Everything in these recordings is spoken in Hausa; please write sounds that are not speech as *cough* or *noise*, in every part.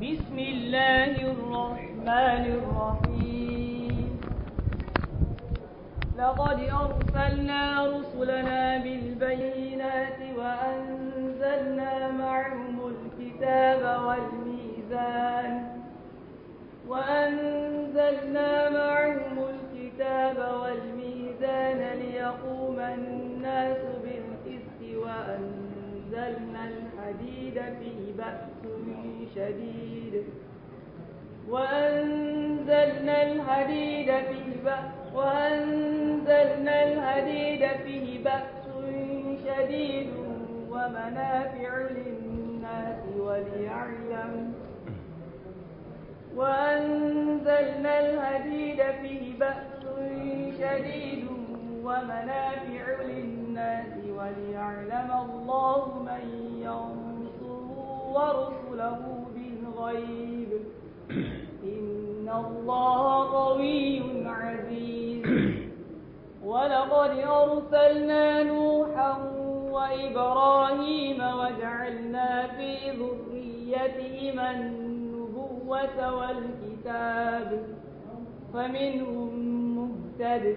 بسم الله الرحمن الرحيم لقد أرسلنا رسلنا بالبينات وأنزلنا معهم الكتاب والميزان وأنزلنا معهم أنزلنا الحديد في بأس شديد وأنزلنا الحديد في بأس وأنزلنا الحديد فيه بأس شديد ومنافع للناس وليعلم وأنزلنا الحديد فيه بأس شديد ومنافع للناس وليعلم الله من ينصره ورسله بالغيب إن الله قوي عزيز ولقد أرسلنا نوحا وإبراهيم وجعلنا في ذريتهما النبوة والكتاب فمنهم مهتد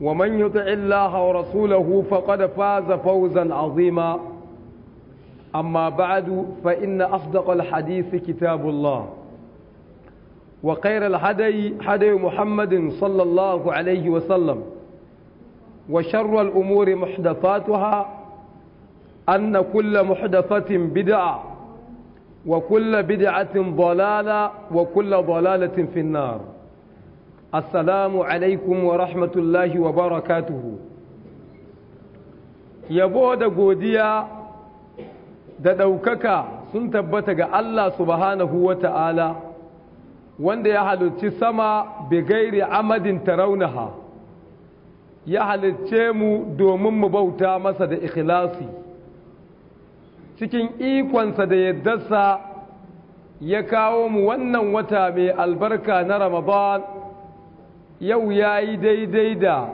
ومن يطع الله ورسوله فقد فاز فوزا عظيما أما بعد فإن أصدق الحديث كتاب الله وخير الهدي هدي محمد صلى الله عليه وسلم وشر الأمور محدثاتها أن كل محدثة بدعة وكل بدعة ضلالة وكل ضلالة في النار assalamu alaikum wa rahmatullahi wa barakatuhu yabo da godiya da ɗaukaka sun tabbata ga Allah subhanahu wa ta'ala wanda ya halicci sama bigairi amadin taraunaha ya halicce mu domin mu bauta masa da ikhlasi cikin ikonsa da yaddarsa ya kawo mu wannan wata mai albarka na ramadan yau ya yi daidai da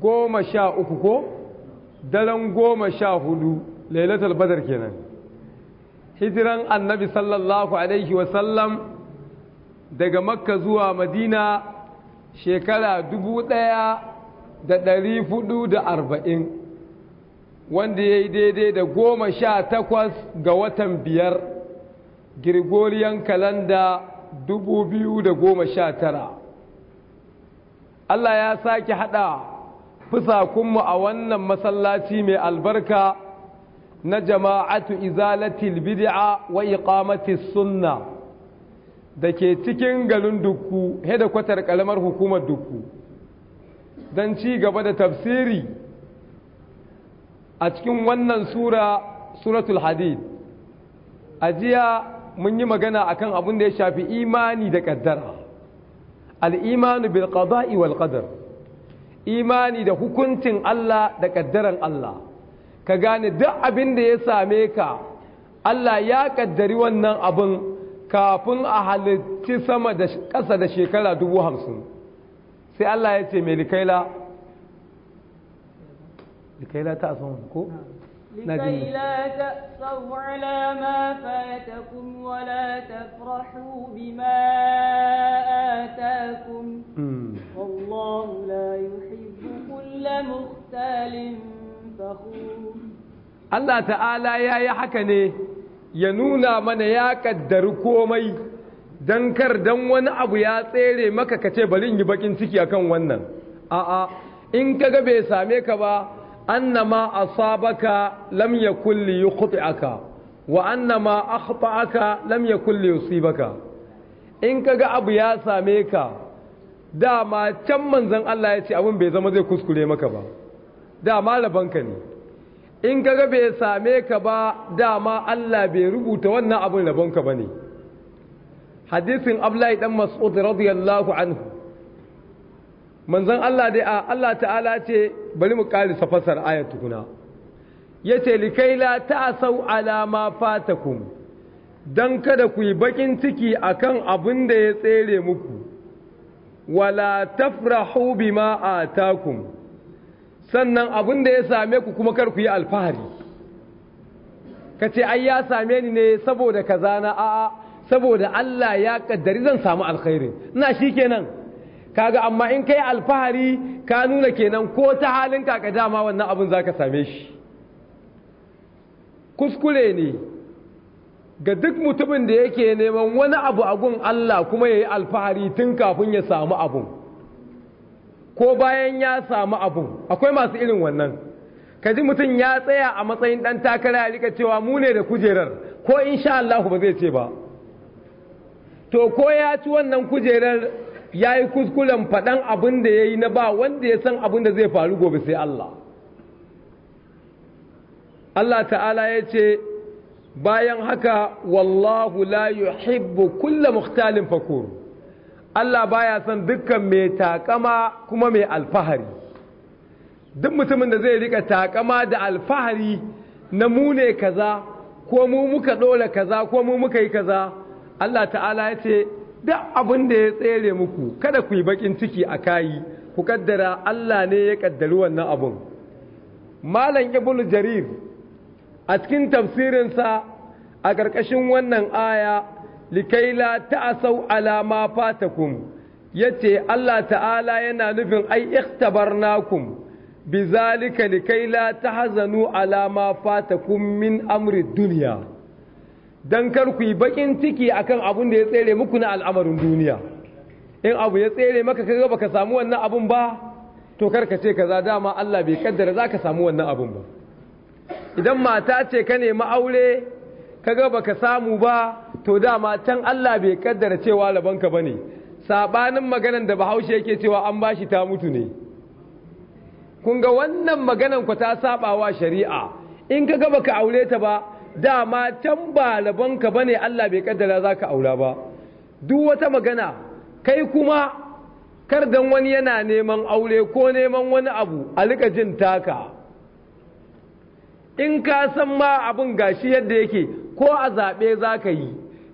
goma sha uku ko daren goma sha hudu lailatul badar kenan hijiran annabi sallallahu alaihi wasallam daga makka zuwa madina shekara dubu ɗaya da ɗari hudu da arba'in wanda ya yi daidai da goma sha takwas ga watan biyar girgoriyan kalanda dubu biyu da goma sha tara Allah ya sake haɗa fusakunmu a wannan masallaci mai albarka na jama'atu izalatil bid'a wa iqamatis sunna da ke cikin garin dukku kwatar kalamar hukumar duku, don ci gaba da tafsiri a cikin wannan sura suratul hadid a jiya mun yi magana akan abin da ya shafi imani da ƙaddara al'imanu bil qada'i wal qadar imani da hukuncin Allah da ƙaddaren Allah ka gane duk abin da ya same ka Allah ya ƙaddari wannan abin kafin a halitti sama da ƙasa da shekara dubu hamsin sai Allah ya ce mai likaila likaila ta asan ko لكي لا تأسوا على ما فاتكم ولا تفرحوا بما آتاكم والله لا يحب كل مختال فخور Allah ta'ala ya yi haka ne ya nuna mana ya kaddari komai don kar don wani abu ya tsere maka ka ce bari in yi bakin ciki akan wannan a'a in kaga bai same ka ba annama asabaka lam yakul li yukhti'aka wa annama akhta'aka lam yakul li yusibaka in kaga abu ya same ka dama can manzon Allah ya ce abin bai zama zai kuskure maka ba dama labanka ne in kaga bai same ka ba dama Allah bai rubuta wannan abin labanka bane hadisin Abdullahi dan Mas'ud radiyallahu anhu manzon Allah dai a Allah ta'ala ce bari mu karisa fasar ayat tukuna yace likai la ta'asau ala ma fatakum dan kada ku yi bakin ciki kan abin da ya tsere muku wala tafrahu bima atakum sannan abin da ya same ku kuma kar ku yi alfahari kace ai ya same ni ne saboda kaza na a'a saboda Allah ya kaddari zan samu alkhairi ina shikenan kaga amma in kai alfahari ka nuna kenan ko ta halin kaka dama wannan abin zaka same shi kuskure ne ga duk mutumin da yake neman wani abu a gun Allah kuma yayi alfahari tun kafin ya samu abu ko bayan ya samu abu akwai masu irin wannan Ka ji mutum ya tsaya a matsayin ɗan takara ya rika cewa mu ne da kujerar ko insha Allah ba zai ce ba to ko ya ci wannan kujerar ya yi kuskuren faɗan abin da ya yi na ba wanda ya san abin da zai faru gobe sai Allah Allah ta'ala ya ce bayan haka wallahu la yuhibbu kulla muhtalin fakur Allah baya son dukkan mai taƙama kuma mai alfahari duk mutumin da zai riƙa taƙama da alfahari na mu ne kaza ko mu muka dole kaza ko mu muka yi kaza Allah ta'ala ya ce duk abin da ya tsere muku kada ku yi bakin ciki a kayi ku kaddara Allah ne ya kaddari wannan abun malam ibnu jarir a cikin tafsirinsa a ƙarƙashin wannan aya likaila ta'asau ala ma fatakum yace Allah ta'ala yana nufin ai ikhtabarnakum bizalika likaila tahzanu ala ma fatakum min amri dunya don kar ku yi bakin ciki akan abin da ya tsere muku na al'amarin duniya in abu ya tsere maka kaga baka samu wannan abun ba to kar ka ce kaza dama Allah bai kaddara zaka samu wannan abun ba idan mata ce ka nemi aure kaga baka samu ba to dama can Allah bai kaddara cewa labanka bane sabanin maganan da Bahaushe yake cewa an bashi ta mutu ne kun ga wannan maganan ku ta sabawa shari'a in kaga baka aure ta ba dama can ba ba ne, Allah bai kaddara zaka aura ba duk wata magana kai kuma kar dan wani yana neman aure ko neman wani abu a rika jin taka in ka san ma abin gashi yadda yake ko a zaɓe zaka yi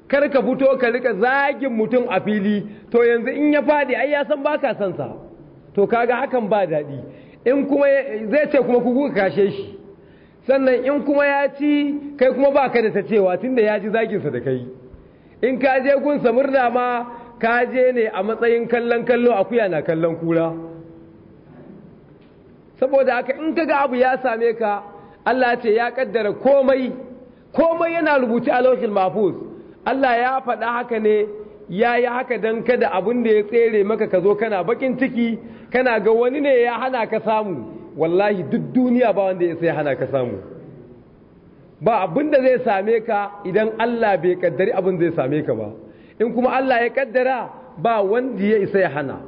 kar ka fito ka rika zagin mutum a fili to yanzu in ya faɗi ai ya san baka san sa to kaga hakan ba daɗi in kuma zai ce kuma ku kashe shi sannan in kuma ya ci kai kuma ba ka da ta cewa tunda ya ji zaginsa da kai in ka je gunsa murna ma ka je ne a matsayin kallon kallo akuya na kallon kura saboda haka in ka ga abu ya same ka Allah ce ya kaddara komai komai yana rubuci a lokacin mafus Allah ya faɗa haka ne ya yi haka don kada abin da ya tsere maka ka zo kana bakin ciki kana ga wani ne ya hana ka samu wallahi duk duniya ba wanda ya sai hana ka samu ba abin da zai same ka idan Allah bai kaddari abin zai same ka ba in kuma Allah ya kaddara ba wanda ya isa ya hana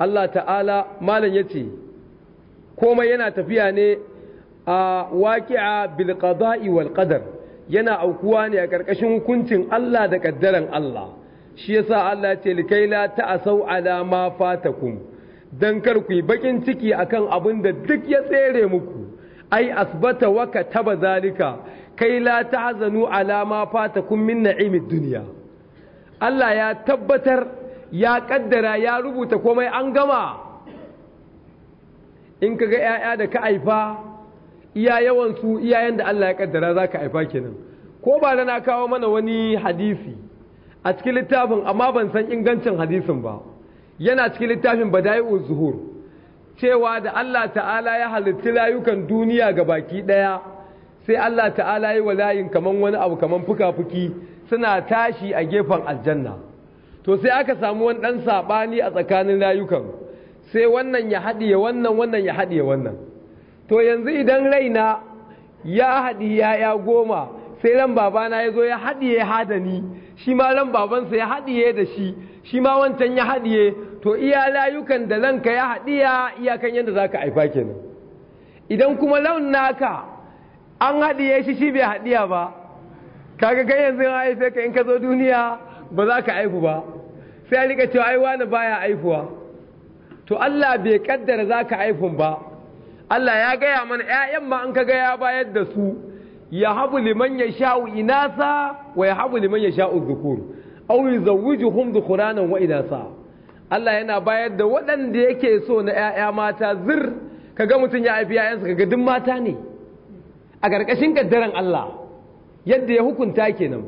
Allah ta'ala malam yace komai yana tafiya ne a waqi'a bil qada'i wal qadar yana aukuwa ne a ƙarƙashin hukuncin Allah da kaddaran Allah shi yasa Allah ya ce likaila ta'asau ala ma fatakum don kar ku bakin ciki akan abin da duk ya tsere muku ai asbata wa kataba zalika kai la tahzanu ala ma fatakum min na'imid dunya Allah ya tabbatar ya kaddara ya rubuta komai an gama in kaga yaya da ka aifa, iya yawan su iyayen da Allah ya kaddara zaka haifa kenan ko ba na kawo mana wani hadisi a cikin littafin amma ban san ingancin hadisin ba yana cikin littafin bada'i'u zuhur cewa da Allah ta'ala ya halitta layukan duniya ga baki ɗaya sai Allah ta'ala yi wa layin kaman wani abu kaman fuka-fuki suna tashi a gefen aljanna to sai aka samu wani ɗan saɓani a tsakanin layukan sai wannan ya haɗiye wannan wannan ya haɗiye wannan to yanzu idan raina ya haɗi yaya goma sai ran babana ya zo ya haɗiye hada ni shi ma ran babansa ya haɗiye da shi shi ma wancan ya haɗiye to iya layukan da ranka ya haɗiya iyakan yadda za ka ke kenan idan kuma laun naka an haɗiye shi shi bai haɗiya ba kaga ga yanzu ya haife ka in ka zo duniya ba za ka aihu ba sai a rika cewa ai wani baya aihuwa to Allah bai kaddara za ka aifun ba Allah ya gaya mana 'ya'yan ma an ka gaya bayar da su ya habu liman ya sha'u inasa wa ya habu liman ya sha'u zukur au yi wa inasa Allah yana bayar da waɗanda yake so na ‘ya'ya mata zir kaga mutum ya haifi ‘ya'yansa kaga duk mata ne a ƙarƙashin ƙaddaren Allah yadda ya hukunta kenan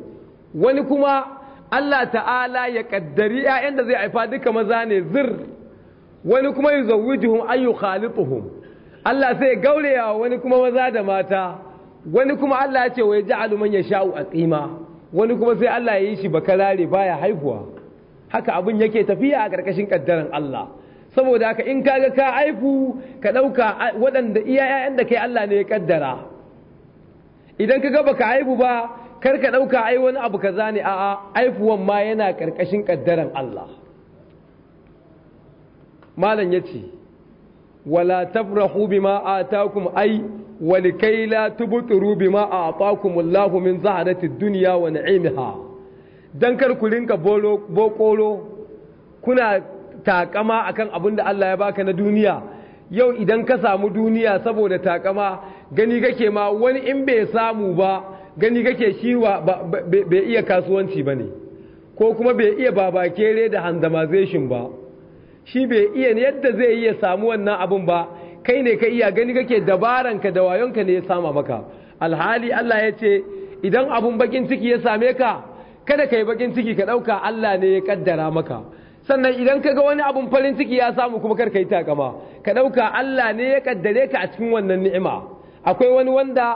wani kuma Allah ta'ala ya ƙaddari ‘ya'yan da zai haifa duka maza ne zir wani kuma yi zawuji hum Allah sai gaurewa wani kuma maza da mata wani kuma Allah ya ce wa ya sha'u a tsima? wani kuma sai Allah ya yi shi bakalare baya haihuwa haka abin yake tafiya a ƙarƙashin ƙaddaren Allah saboda haka in kaga ka haifu ka ɗauka waɗanda iya ƴaƴan da kai Allah ne ya ƙaddara. idan ka kaga baka haifu ba kar ka ɗauka ai wani abu ka zane a haifuwan ma yana ƙarƙashin ƙaddaren Allah malam yace wala tafrahu bima atakum ai walikai la a bima a'taakumullahu min zaharatid duniya wa na'imha dan kar ku rinka bolo bokolo kuna takama akan abin da Allah ya baka na duniya yau idan ka samu duniya saboda takama gani kake ma wani in bai samu ba gani kake shi bai iya kasuwanci bane ko kuma bai iya babakere da handamazation ba shi bai iya yadda zai iya samu wannan abun ba kai ne ka iya gani kake dabaranka da wayonka ne ya sama maka alhali Allah ya ce idan abun bakin ciki ya same ka kada ka yi bakin ciki ka ɗauka Allah ne ya kaddara maka sannan idan ka ga wani abun farin ciki ya samu kuma kar ka yi takama ka ɗauka Allah ne ya kaddare ka a cikin wannan ni'ima akwai wani wanda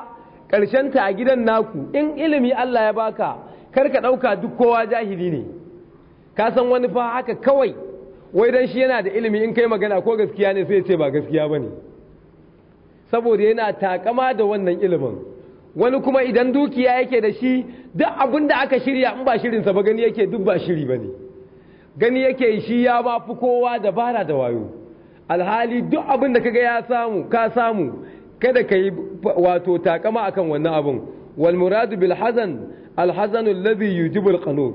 ta a gidan naku in ilimi Allah ya baka kar ka ɗauka duk kowa jahili ne ka san wani fa haka kawai wai don shi yana da ilimi in kai magana ko gaskiya ne sai ce ba gaskiya ba ne saboda yana takama da wannan ilimin wani kuma idan dukiya yake da shi duk abin da aka shirya in ba shirinsa ba gani yake duk ba shiri ba ne gani yake shi ya ba fi kowa dabara da wayo alhali duk abin da kaga ya samu ka samu kada ka yi wato takama akan wannan abin walmuradu muradu bil hazan al qanun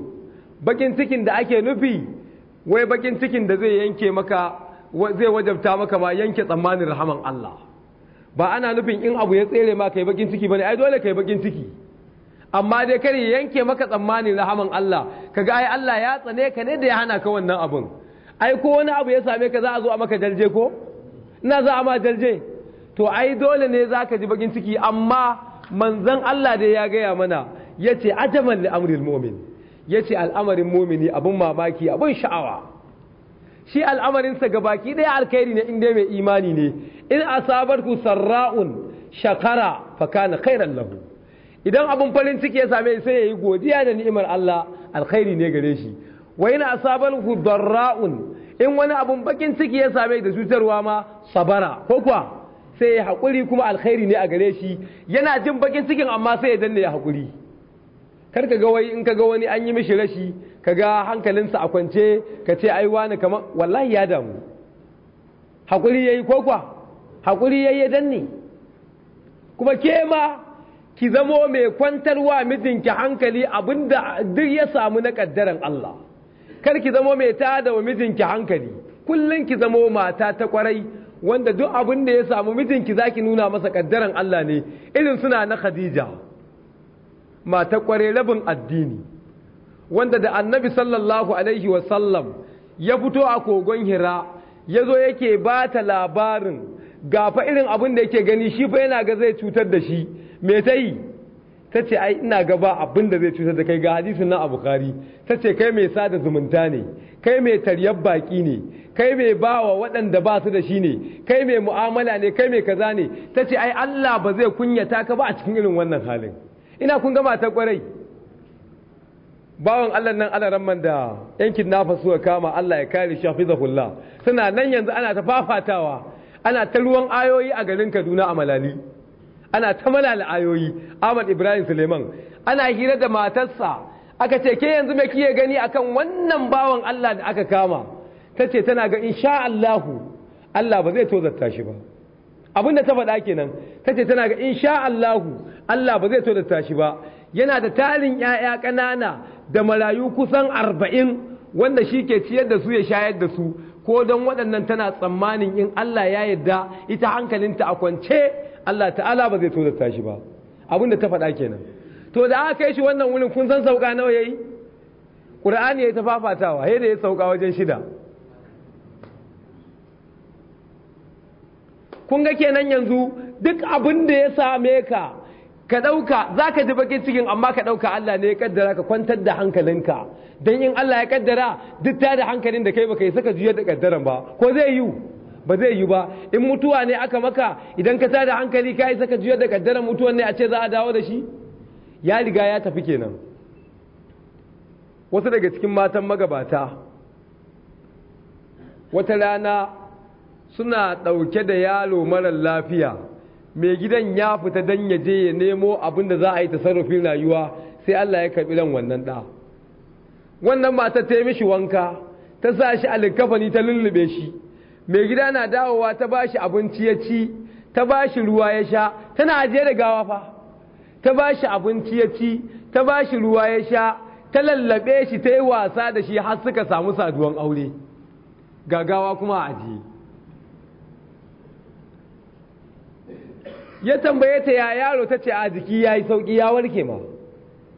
bakin cikin da ake nufi wai bakin cikin da zai yanke maka zai wajabta maka ba yanke tsammanin rahaman Allah ba ana nufin in abu ya tsere ma kai bakin ciki bane ai dole kai bakin ciki amma dai kare yanke maka tsammanin rahaman Allah kaga ai Allah ya tsane ka ne da ya hana ka wannan abun ai ko wani abu ya same ka za a zo a maka jarje ko ina za a ma dalje to ai dole ne zaka ji bakin ciki amma manzon Allah dai ya gaya mana yace ajaban li amril mu'min Ya ce al'amarin mumini abin mamaki abin sha'awa shi al'amarinsa ga baki ɗaya alkhairi ne inda mai imani ne in ku sarra'un shakara fakana na lahu idan abin farin ciki ya same sai yi godiya da ni'imar Allah alkhairi ne gare shi wa sabar ku darra'un in wani abin bakin ciki ya same da cutarwa ma sabara ko kuwa sai ya haƙuri kuma alkhairi ne a gare shi yana jin bakin cikin amma sai ya danne ya haƙuri kar ka ga wai in ka ga wani an yi mishi rashi ka ga hankalinsa a kwance ka ce ai wani kamar wallahi ya damu haƙuri ya yi kwakwa haƙuri ya yi danne kuma ke ma ki zamo mai kwantarwa mijinki hankali abinda duk ya samu na ƙaddaren Allah kar ki zamo mai tada wa mijinki hankali kullum ki zamo mata ta kwarai wanda duk abinda ya samu mijinki zaki nuna masa ƙaddaren Allah ne irin suna na Khadija mata kware rabin addini wanda da annabi sallallahu alaihi wasallam ya fito a kogon hira ya zo yake ba ta labarin gafa irin abin da yake gani shi fa yana ga zai cutar da shi me ta yi ta ce ai ina ga ba abin da zai cutar da kai ga hadisin na a ta ce kai mai sada zumunta ne kai mai taryar baki ne kai mai bawa waɗanda ba su da shi ne kai mai mu'amala ne kai mai kaza ne ta ce ai Allah ba zai kunyata ka ba a cikin irin wannan halin ina kun gama ta kwarai bawan Allah nan ala ramman da yankin nafa suka kama Allah ya kare shi hafizahullah suna nan yanzu ana ta fafatawa ana ta ruwan ayoyi a garin Kaduna a Malali ana ta malala ayoyi Ahmad Ibrahim Suleiman ana hira da matarsa aka ce ke yanzu mai kiye gani akan wannan bawan Allah da aka kama Ta ce tana ga insha Allahu Allah ba zai tozarta shi ba abinda ta faɗa kenan ta ce tana ga insha Allahu Allah ba zai so da tashi ba yana da tarin ‘ya'ya ƙanana da marayu kusan arba'in wanda shi ke ciyar da su ya shayar da su ko don waɗannan tana tsammanin in Allah ya yarda ita hankalinta a kwance Allah ta'ala ba zai so da tashi ba abin da ta faɗa kenan to da aka kai shi wannan wurin kun san sauka nawa yayi Qur'ani ya ta fafatawa sai da ya sauka wajen shida kun ga kenan yanzu duk abin da ya same ka ka ɗauka za ka ji bakin cikin amma ka ɗauka Allah ne ya kaddara ka kwantar da hankalinka don in Allah ya kaddara duk ta da hankalin da kai baka yi saka juya da kaddara ba ko zai yiwu ba zai yiwu ba in mutuwa ne aka maka idan ka tada hankali ka yi saka juya da kaddaran mutuwan ne a ce za a dawo da shi ya riga ya tafi kenan wasu daga cikin matan magabata wata rana suna ɗauke da yalo marar lafiya mai gidan ya fita dan ya je ya nemo abin da za a yi ta tasarrufin rayuwa sai Allah ya karɓi ran wannan ɗa wannan mata ta mishi wanka ta sa shi alikafani ta lullube shi mai gida na dawowa ta ba shi abinci ya ci ta ba shi ruwa ya sha tana ajiye da gawa fa ta ba shi abinci ya ci ta ba shi ruwa ya sha ta lallabe shi ta yi wasa da shi har suka samu saduwan aure Ga gawa kuma a ajiye ya tambaye ta ya yaro ta ce a jiki ya yi sauƙi ya warke ma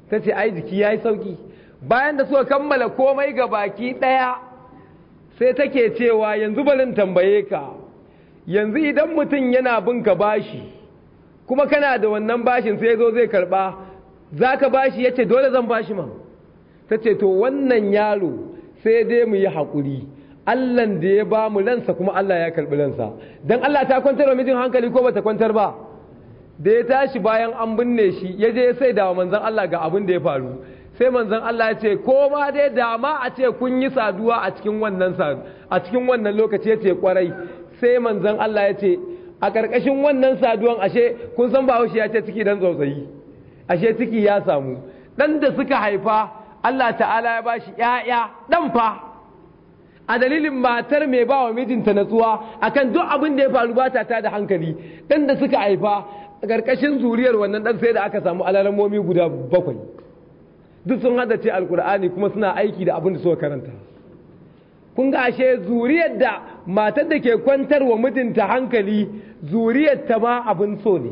ta ce ai jiki ya yi sauƙi bayan da suka kammala komai ga baki ɗaya sai take cewa yanzu barin tambaye ka yanzu idan mutum yana bin ka bashi kuma kana da wannan bashin sai zo zai karɓa za ka bashi ya ce dole zan bashi ma ta ce to wannan yaro sai dai mu yi haƙuri Allahn da ya ba mu lansa kuma Allah ya karɓi lansa don Allah ta kwantar wa mijin hankali ko ba ta kwantar ba da ya tashi bayan an binne shi ya je sai da manzon Allah ga abin da ya faru sai manzon Allah ya ce ko ma dai da ma a ce kun yi saduwa a cikin wannan a cikin wannan lokaci ya kwarai sai manzon Allah ya ce a ƙarƙashin wannan saduwan ashe kun san bahaushe ya ce ciki dan tsautsayi ashe ciki ya samu dan da suka haifa Allah ta'ala ya bashi yaya dan fa a dalilin matar mai ba wa mijinta natsuwa akan duk abin da ya faru ba ta da hankali dan da suka haifa ƙarƙashin zuriyar wannan ɗan sai da aka samu alaramomi guda bakwai duk sun hada ce alkur'ani kuma suna aiki da abin da suka karanta kun ga ashe zuriyar da matar da ke kwantar wa mijinta hankali zuriyar ta ma abin so ne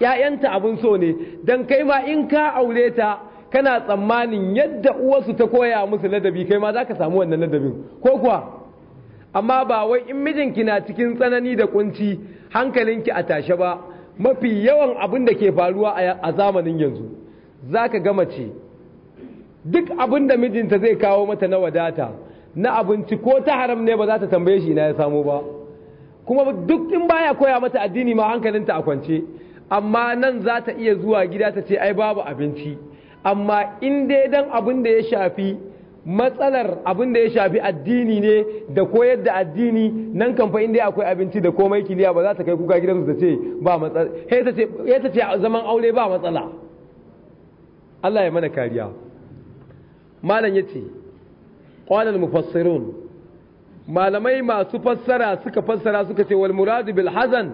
Ƴaƴanta abin so ne don kai ma in ka aure ta kana tsammanin yadda uwarsu ta koya musu ladabi kai ma za ka samu wannan ladabin ko kuwa amma ba wai in mijinki na cikin tsanani da kunci hankalinki a tashe ba mafi yawan abin da ke faruwa a zamanin yanzu za ka gama ce duk abin da mijinta zai kawo mata na wadata na abinci ko ta haram ne ba za ta tambaye shi na ya samu ba kuma duk in baya koya mata addini ma hankalinta a kwance amma nan za ta iya zuwa gida ta ce ai babu abinci amma in dai dan abin da ya shafi matsalar abin da ya shafi addini ne da koyar da addini nan kamfa fa inda akwai abinci da komai kiliya ba za ta kai kuka gidansu da ce ba matsala ya ce zaman aure ba matsala Allah ya mana kariya malam ya ce ƙwanar mufassirun malamai masu fassara suka fassara suka ce wal muradu bil hazan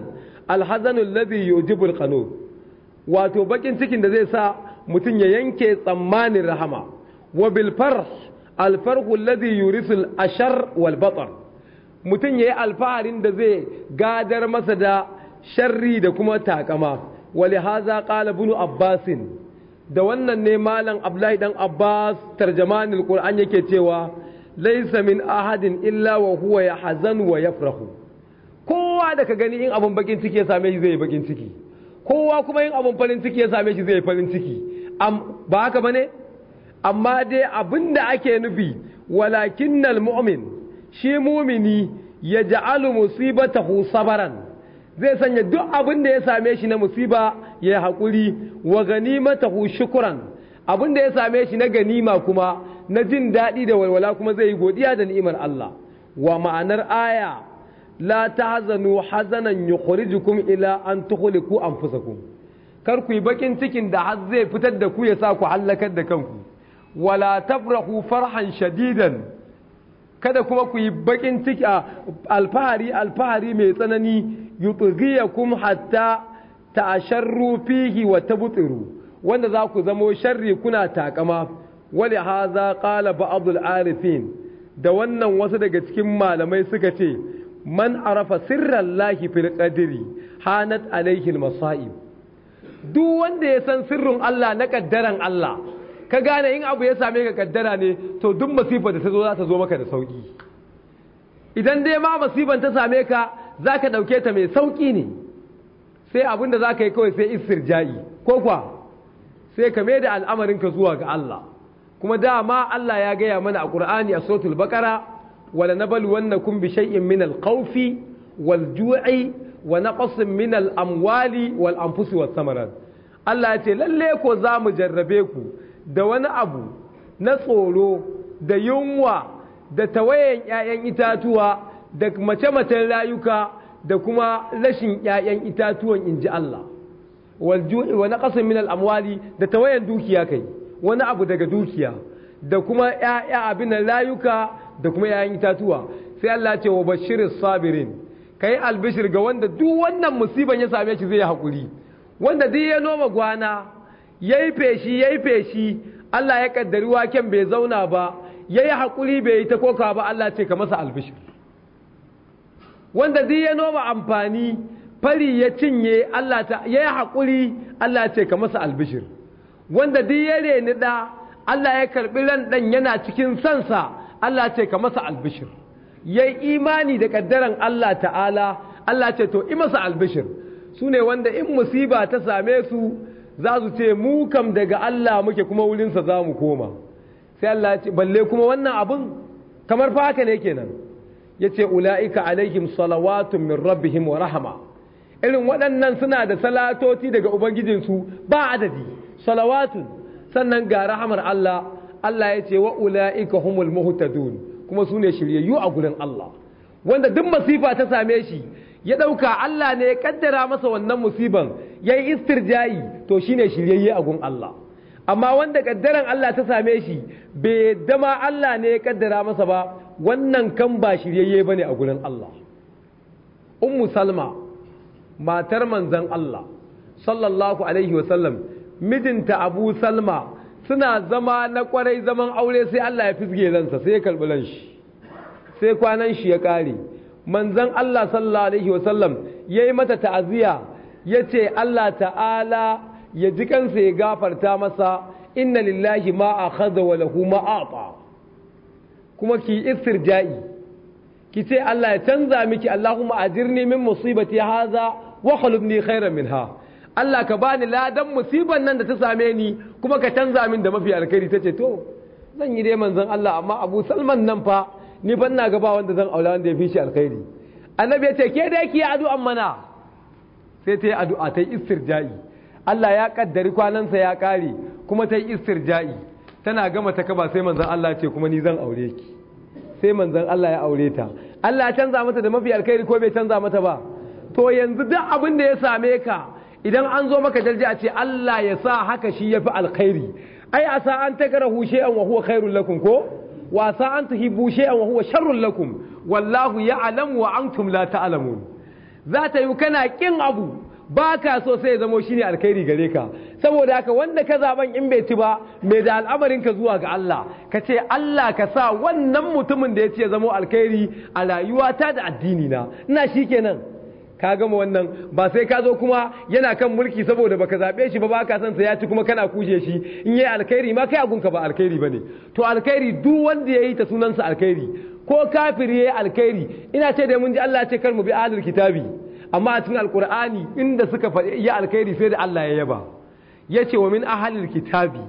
al hazanu alladhi yujibu al wato bakin cikin da zai sa mutum ya yanke tsammanin rahama wa bil alfarhu alladhi yurisul ashar wal batar mutum yayi alfaharin da zai gadar masa da sharri da kuma takama walihaza qala ibn abbasin da wannan ne malam abdullahi dan abbas tarjamanil alquran yake cewa laysa min ahadin illa wa huwa yahzan wa yafrahu kowa da ka gani in abun bakin ciki ya same shi zai bakin ciki kowa kuma in abun farin ciki ya same shi zai farin ciki ba haka bane amma dai abin da ake nufi walakinnal mu'min shi mumini ya ja'alu musibatahu sabaran zai sanya duk abin da ya same shi na musiba ya haƙuri wa ganimatahu shukuran abin da ya same shi na ganima kuma na jin daɗi da walwala kuma zai yi godiya da ni'imar Allah wa ma'anar aya la tahzanu hazanan yukhrijukum ila an tukhliqu anfusakum kar ku yi bakin cikin da har zai fitar da ku ya sa ku hallakar da kanku wala tafrahu farhan shadidan kada kuma ku yi bakin ciki a alfahari alfahari mai tsanani yutghiyakum hatta ta'sharru fihi wa tabtiru wanda za ku zamo sharri kuna takama wali haza qala ba'dul arifin da wannan wasu daga cikin malamai suka ce man arafa sirran lahi fil qadri hanat alayhi al masa'ib duk wanda ya san sirrin Allah na kaddaran Allah ka gane in abu ya same ka kaddara ne to duk masifar da ta zo za ta zo maka da sauki idan dai ma masifar ta same ka za ka ɗauke ta mai sauki ne sai abin da za ka yi kawai sai isir ja'i. ko kwa sai ka mai da al'amarinka zuwa ga Allah kuma dama Allah ya gaya mana a Ƙur'ani a suratul Baqara wala na bi shay'in min al-khawfi wal-ju'i wa naqsin min al-amwali wal-anfusi was-samarat Allah ya ce lalle ko za mu jarrabe ku da wani abu na tsoro da yunwa da tawayen 'ya'yan itatuwa da mace-macen rayuka da kuma rashin 'ya'yan itatuwan in ji Allah wani ƙasar min al'amwali da tawayen dukiya kai wani abu daga dukiya da kuma 'ya'ya abin rayuka da kuma 'ya'yan itatuwa sai Allah ce wa bashirin sabirin ka yi albishir ga wanda duk wannan musiban ya same shi zai haƙuri wanda duk ya noma gwana yayi feshi yi feshi Allah ya kaddari waken bai zauna ba Ya yi haƙuri bai yi ta koka ba Allah ce ka masa albishir wanda zai ya noma amfani fari ya cinye Allah ta yi haƙuri Allah ce ka masa albishir wanda duk ya reni da Allah ya karɓi ran ɗan yana cikin sansa Allah ce ka masa albishir yayi imani da kaddaran Allah ta'ala Allah ce to imasa masa albishir su ne wanda in musiba ta same su za su ce mu kam daga Allah muke kuma wulinsa za mu koma sai Allah ce balle kuma wannan abun kamar fa haka ne kenan ya ce ula'ika alaihim salawatun min rabbihim wa rahama irin waɗannan suna da salatoti daga ubangijinsu ba adadi salawatun sannan ga rahamar Allah Allah ya ce wa ula'ika humul muhtadun kuma su ne shiryayyu a gurin Allah wanda duk masifa ta same shi ya ɗauka Allah ne ya kaddara masa wannan musiban ya yi istirjayi to shi shine shiryayye a gun Allah amma wanda kaddaran Allah ta same shi bai dama Allah ne ya kaddara masa ba wannan kan ba shiryayye ba ne a gurin Allah ummu salma matar manzan Allah sallallahu alaihi wasallam mijinta abu salma suna zama na ƙwarai zaman aure sai Allah ya fisge sa sai ya karɓi shi sai kwanan shi ya ƙare. Manzan Allah sallallahu alaihi ya yayi mata ta'aziya yace Allah ta'ala ya ji kansa ya gafarta masa inna lillahi ma akhadha wa lahu ma kuma ki istirja'i ki ce Allah ya canza miki Allahumma ajirni min musibati hadha wa khalibni khairan minha Allah ka bani ladan musiban nan da ta same ni kuma ka canza min da mafi alkhairi ce to zan yi dai manzon Allah amma Abu Salman nan fa ni ban na gaba wanda zan aula wanda ya fi shi alkhairi annabi ya ce ke dai ki addu'an mana sai ta yi addu'a ta yi istirja'i Allah ya kaddari kwanansa ya kare kuma ta yi istirja'i tana gama ta kaba sai manzon Allah ce kuma ni zan aure ki sai manzon Allah ya aure ta Allah ya canza mata da mafi alkhairi ko bai canza mata ba to yanzu duk abin da ya same ka idan an zo maka dalji a ce Allah ya sa haka shi ya fi alkhairi ai a sa an takara hushe an wa huwa khairul lakum ko wasa an tuhibbu shay'an wa huwa sharrun lakum wallahu ya alamu wa an la alamu. za ta yi kana kin abu baka so sai ya zamo ne alkhairi gare ka saboda haka wanda ka zaben in bai ci ba mai da al'amarin ka zuwa ga Allah ka ce Allah ka sa wannan mutumin da ya ce ya zamo alkhairi a rayuwata da addini na ina kenan ka gama wannan ba sai ka zo kuma yana kan mulki saboda baka zabe shi ba baka san sa ya ci kuma kana kushe shi in yayi alkhairi ma kai agunka ba alkhairi bane to alkhairi duk wanda yayi ta sunansa alkhairi ko kafiri yayi alkhairi ina ce da mun ji Allah ce kar mu bi ahlul kitabi amma a cikin alqur'ani inda suka faɗi ya alkhairi sai da Allah ya yaba yace wa min ahlul kitabi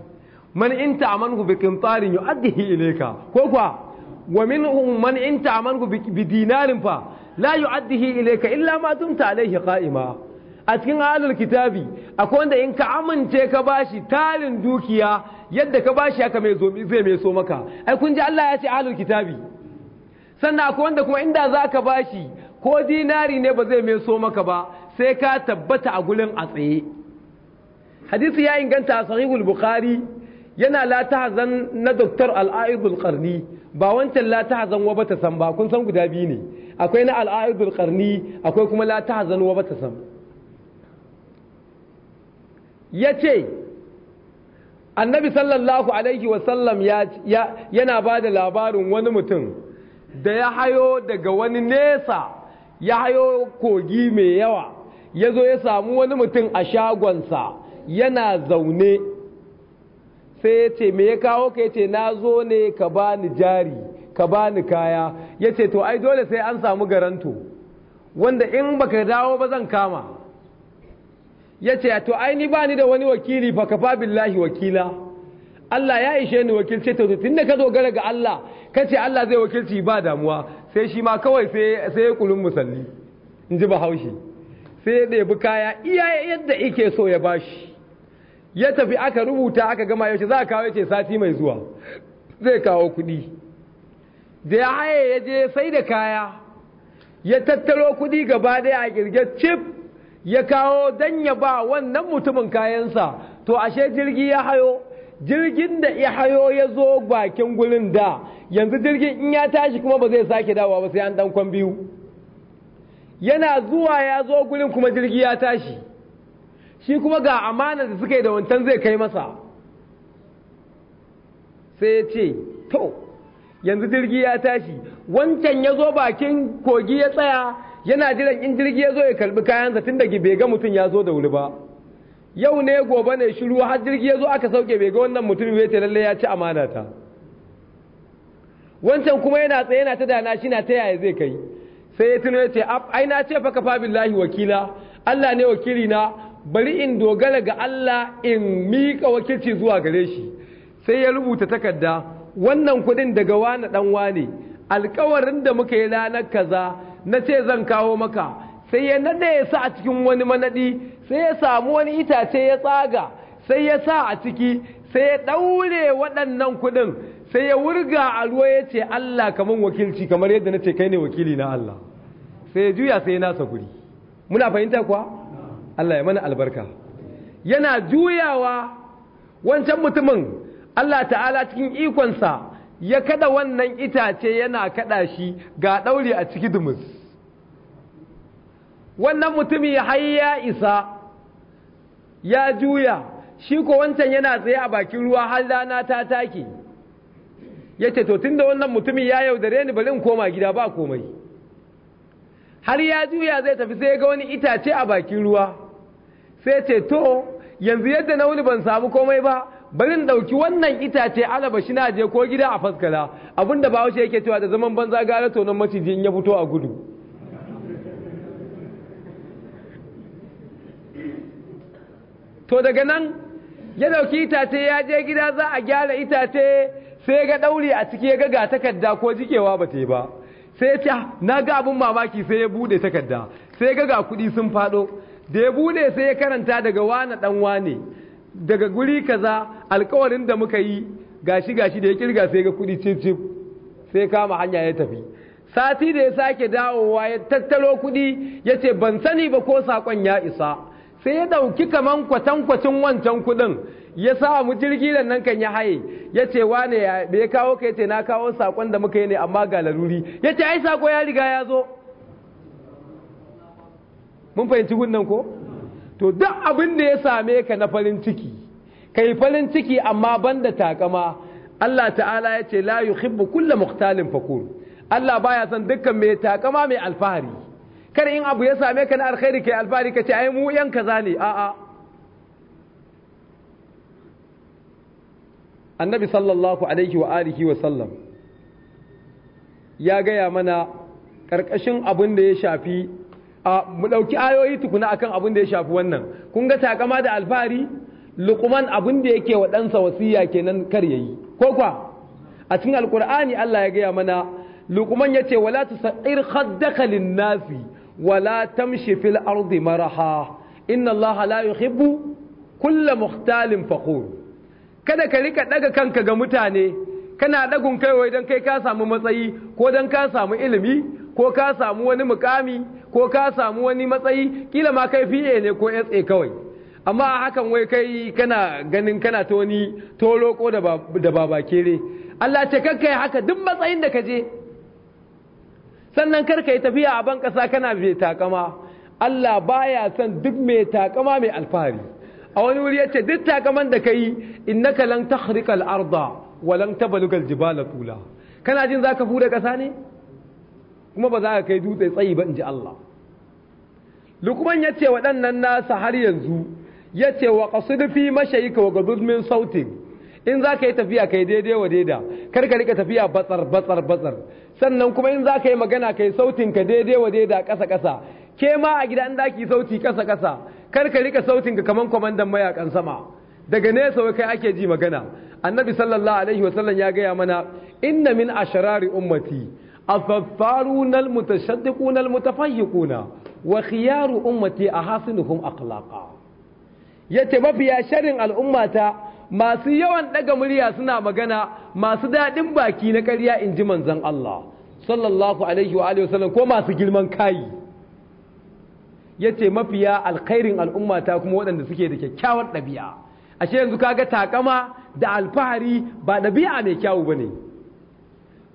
man in ta'amanhu bi qintarin yu'addihi ilayka ko kwa wa minhum man in bi dinarin fa la yu'addihi ilayka illa ma dumta alayhi qa'ima a cikin ahlul kitabi akwai wanda in ka amince ka bashi tarin dukiya yadda ka bashi haka zai mai so maka ai kun ji Allah ya ce ahlul kitabi sannan akwai wanda kuma inda zaka bashi ko dinari ne ba zai mai so maka ba sai ka tabbata a gurin a tsaye hadisi ya inganta a sahihul bukhari yana la tahzan na doktor al-aidul ba wancan la tahzan wa bata san ba kun san guda biyu ne akwai na al'adul ƙarni akwai kuma la ta ba ta san ya ce annabi sallallahu alaihi wasallam yana ba da labarin wani mutum da ya hayo daga wani nesa ya hayo kogi mai yawa ya zo ya samu wani mutum a shagonsa yana zaune sai ya ce mai ya kawo ka ya ce na zo ne ka ba ni jari ka ba ni kaya ya ce to ai dole sai an samu garanto wanda in baka dawo ba zan kama ya ce to ai ni ba ni da wani wakili fa kafa billahi wakila Allah ya ishe ni wakilce to tun da ka dogara ga Allah ka ce Allah zai wakilci ba damuwa sai shi ma kawai sai ya kulun musalli in ji bahaushe sai ya ɗebi kaya iya yadda ike so ya bashi ya tafi aka rubuta aka gama yaushe za a kawo ya ce sati mai zuwa zai kawo kuɗi da ya haye ya je sai da kaya ya tattaro kudi gaba daya a girge cif ya kawo don ya ba wannan mutumin kayansa to ashe jirgi ya hayo jirgin da ya hayo ya zo bakin gurin da yanzu jirgin in ya tashi kuma ba zai sake dawa ba sai an dan kwan biyu yana zuwa ya zo gurin kuma jirgi ya tashi shi kuma ga amana da suka yi da wancan zai kai masa sai ya ce to yanzu jirgi ya tashi wancan ya zo bakin kogi ya tsaya yana jiran in jirgi ya zo ya karbi kayansa tun da bai ga mutum ya zo da wuri ba yau ne gobe ne shiru har jirgi ya zo aka sauke bai ga wannan mutum ya ce lalle ya ci amana ta wancan kuma yana tsaye yana ta dana shi na ta yaya zai kai sai ya tuno ya ce ai na ce fa kafa billahi wakila Allah ne wakili na bari in dogara ga Allah in miƙa wakilci zuwa gare shi sai ya rubuta takarda wannan kuɗin daga wani ɗanwa wane alkawarin da muka yi ranar kaza na ce zan kawo maka sai ya naɗa ya sa a cikin wani manadi. sai ya samu wani itace ya tsaga sai ya sa a ciki sai ya ɗaure waɗannan kuɗin sai ya wurga a ruwa ya ce Allah kamar wakilci kamar yadda na ce kai ne wakili na Allah sai ya juya sai ya nasa guri muna fahimta kuwa Allah ya mana albarka yana juyawa wancan mutumin Allah ta'ala cikin ikonsa ya kada wannan itace yana kada shi ga ɗauri a ciki dumus wannan mutumin har ya isa ya juya shi ko wancan yana tsaye a bakin ruwa har rana ta take ya ce to da wannan mutumin ya yaudare ni bari in koma gida ba komai har ya juya zai tafi sai ga wani itace a bakin ruwa sai ce to yanzu yadda na wuni ban samu komai ba barin dauki wannan itace alaba shi na je ko gida a faskala abinda ba wace yake cewa da zaman banza gara tonon maciji in ya fito a gudu to daga nan ya dauki itace ya je gida za a gyara itace sai ga dauri a ciki ya gaga ga takarda ko jikewa ba ta yi ba sai ta ah, na ga abin mamaki sai ya bude takarda sai ga ga kuɗi sun faɗo da ya bude sai ya karanta daga wane ɗan wane daga guri kaza alkawarin da muka yi gashi gashi da ya kirga sai ga kudi cif sai kama hanya ya tafi sati da ya sake dawowa ya tattalo kudi ya ce ban sani ba ko sakon ya isa sai ya ɗauki kaman kwatankwacin wancan kuɗin ya sa mu jirgi da nan kan ya haye ya ce wane ya kawo ka ya ce na kawo sakon da muka yi ne amma ga laruri ya ce ai sako ya riga ya zo mun fahimci gunnan ko to duk abin da ya same ka na farin ciki kai farin ciki amma banda takama Allah ta'ala ya ce la yuhibbu kulla muqtalin fakur Allah baya son dukkan mai takama mai alfahari kada in abu ya same ka na alkhairi kai alfahari ka ce ai mu yan kaza ne a'a annabi sallallahu alaihi wa alihi wa sallam ya gaya mana ƙarƙashin abin da ya shafi mu ɗauki ayoyi tukuna akan abin da ya shafi wannan kun ga takama da alfahari lukuman abin da yake wa ɗansa wasiya kenan kar ya yi ko kwa a cikin alkur'ani Allah ya gaya mana ya yace wala tusair khaddaka lin-nasi wala tamshi fil ardi maraha inna Allah la yuhibbu kulla muhtalin fakhur kada ka rika daga kanka ga mutane kana ɗagun kai wai dan kai ka samu matsayi ko dan ka samu ilimi ko ka samu wani mukami ko ka samu wani matsayi kila ma kai fiye ne ko SA kawai amma a hakan wai kai kana ganin kana ta wani toloko da baba kere Allah ce kakkai haka duk matsayin da ka je sannan karka yi tafiya a ban ƙasa kana mai takama Allah baya son duk mai takama mai alfahari a wani wuri yace duk takaman da kai innaka lan tahriqal arda wa lan tabluga jibala tula kana jin zaka huda ƙasa ne kuma ba za ka kai dutse tsayi ba in ji Allah lukman ya ce waɗannan nasa har yanzu ya ce wa qasud fi mashayika wa gadud min sautin in za ka yi tafiya kai daidai wa daida kar ka rika tafiya batsar batsar batsar sannan kuma in za ka yi magana kai sautin ka daidai wa daida ƙasa ƙasa ke ma a gidan daki da ki sauti ƙasa ƙasa kar ka rika sautin ka kaman kwamandan mayakan sama daga nesa wai kai ake ji magana annabi sallallahu alaihi wasallam ya gaya mana inna min asharari ummati الثفارون المتشدقون المتفيقون وخيار أمتي أحسنهم أخلاقا yace mafiya sharin al'ummata masu yawan daga murya suna magana masu daɗin baki na ƙarya in ji manzan Allah sallallahu alaihi wa alihi wasallam ko masu girman kayi yace mafiya alkhairin al'ummata kuma waɗanda suke da kyakkyawar ɗabi'a ashe yanzu kaga takama da alfahari ba ɗabi'a mai kyawu bane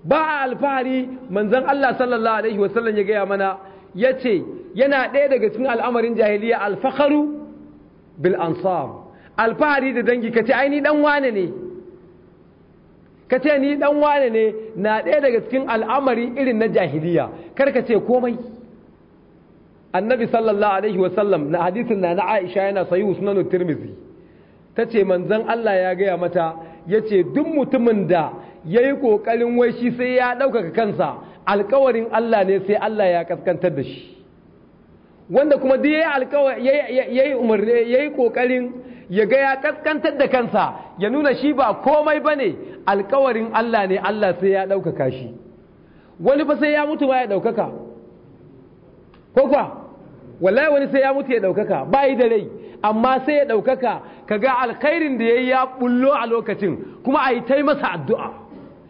ba alfahari manzon Allah sallallahu alaihi wasallam ya gaya mana ya ce yana ɗaya daga cikin al'amarin jahiliya alfakaru bil ansar alfahari da dangi kace ai ni dan wane ne Ka ce ni dan wane ne na ɗaya daga cikin al'amari irin na jahiliya kar ka ce komai annabi sallallahu alaihi wasallam na hadisin na na Aisha yana sahihu sunan ta tace manzon Allah ya gaya mata yace duk mutumin da ya yi ƙoƙarin wai shi sai ya ɗaukaka kansa alkawarin Allah ne sai Allah ya kaskantar da shi wanda kuma duk ya yi ƙoƙarin ya ga ya kaskantar da kansa ya nuna shi ba komai ba ne alkawarin Allah ne Allah sai ya ɗaukaka shi wani fa sai ya mutu ma ya ɗaukaka ko kwa wallahi wani sai ya mutu ya ɗaukaka ba yi da rai amma sai ya ɗaukaka ka ga alkhairin da ya yi ya bullo a lokacin kuma a yi ta masa addu'a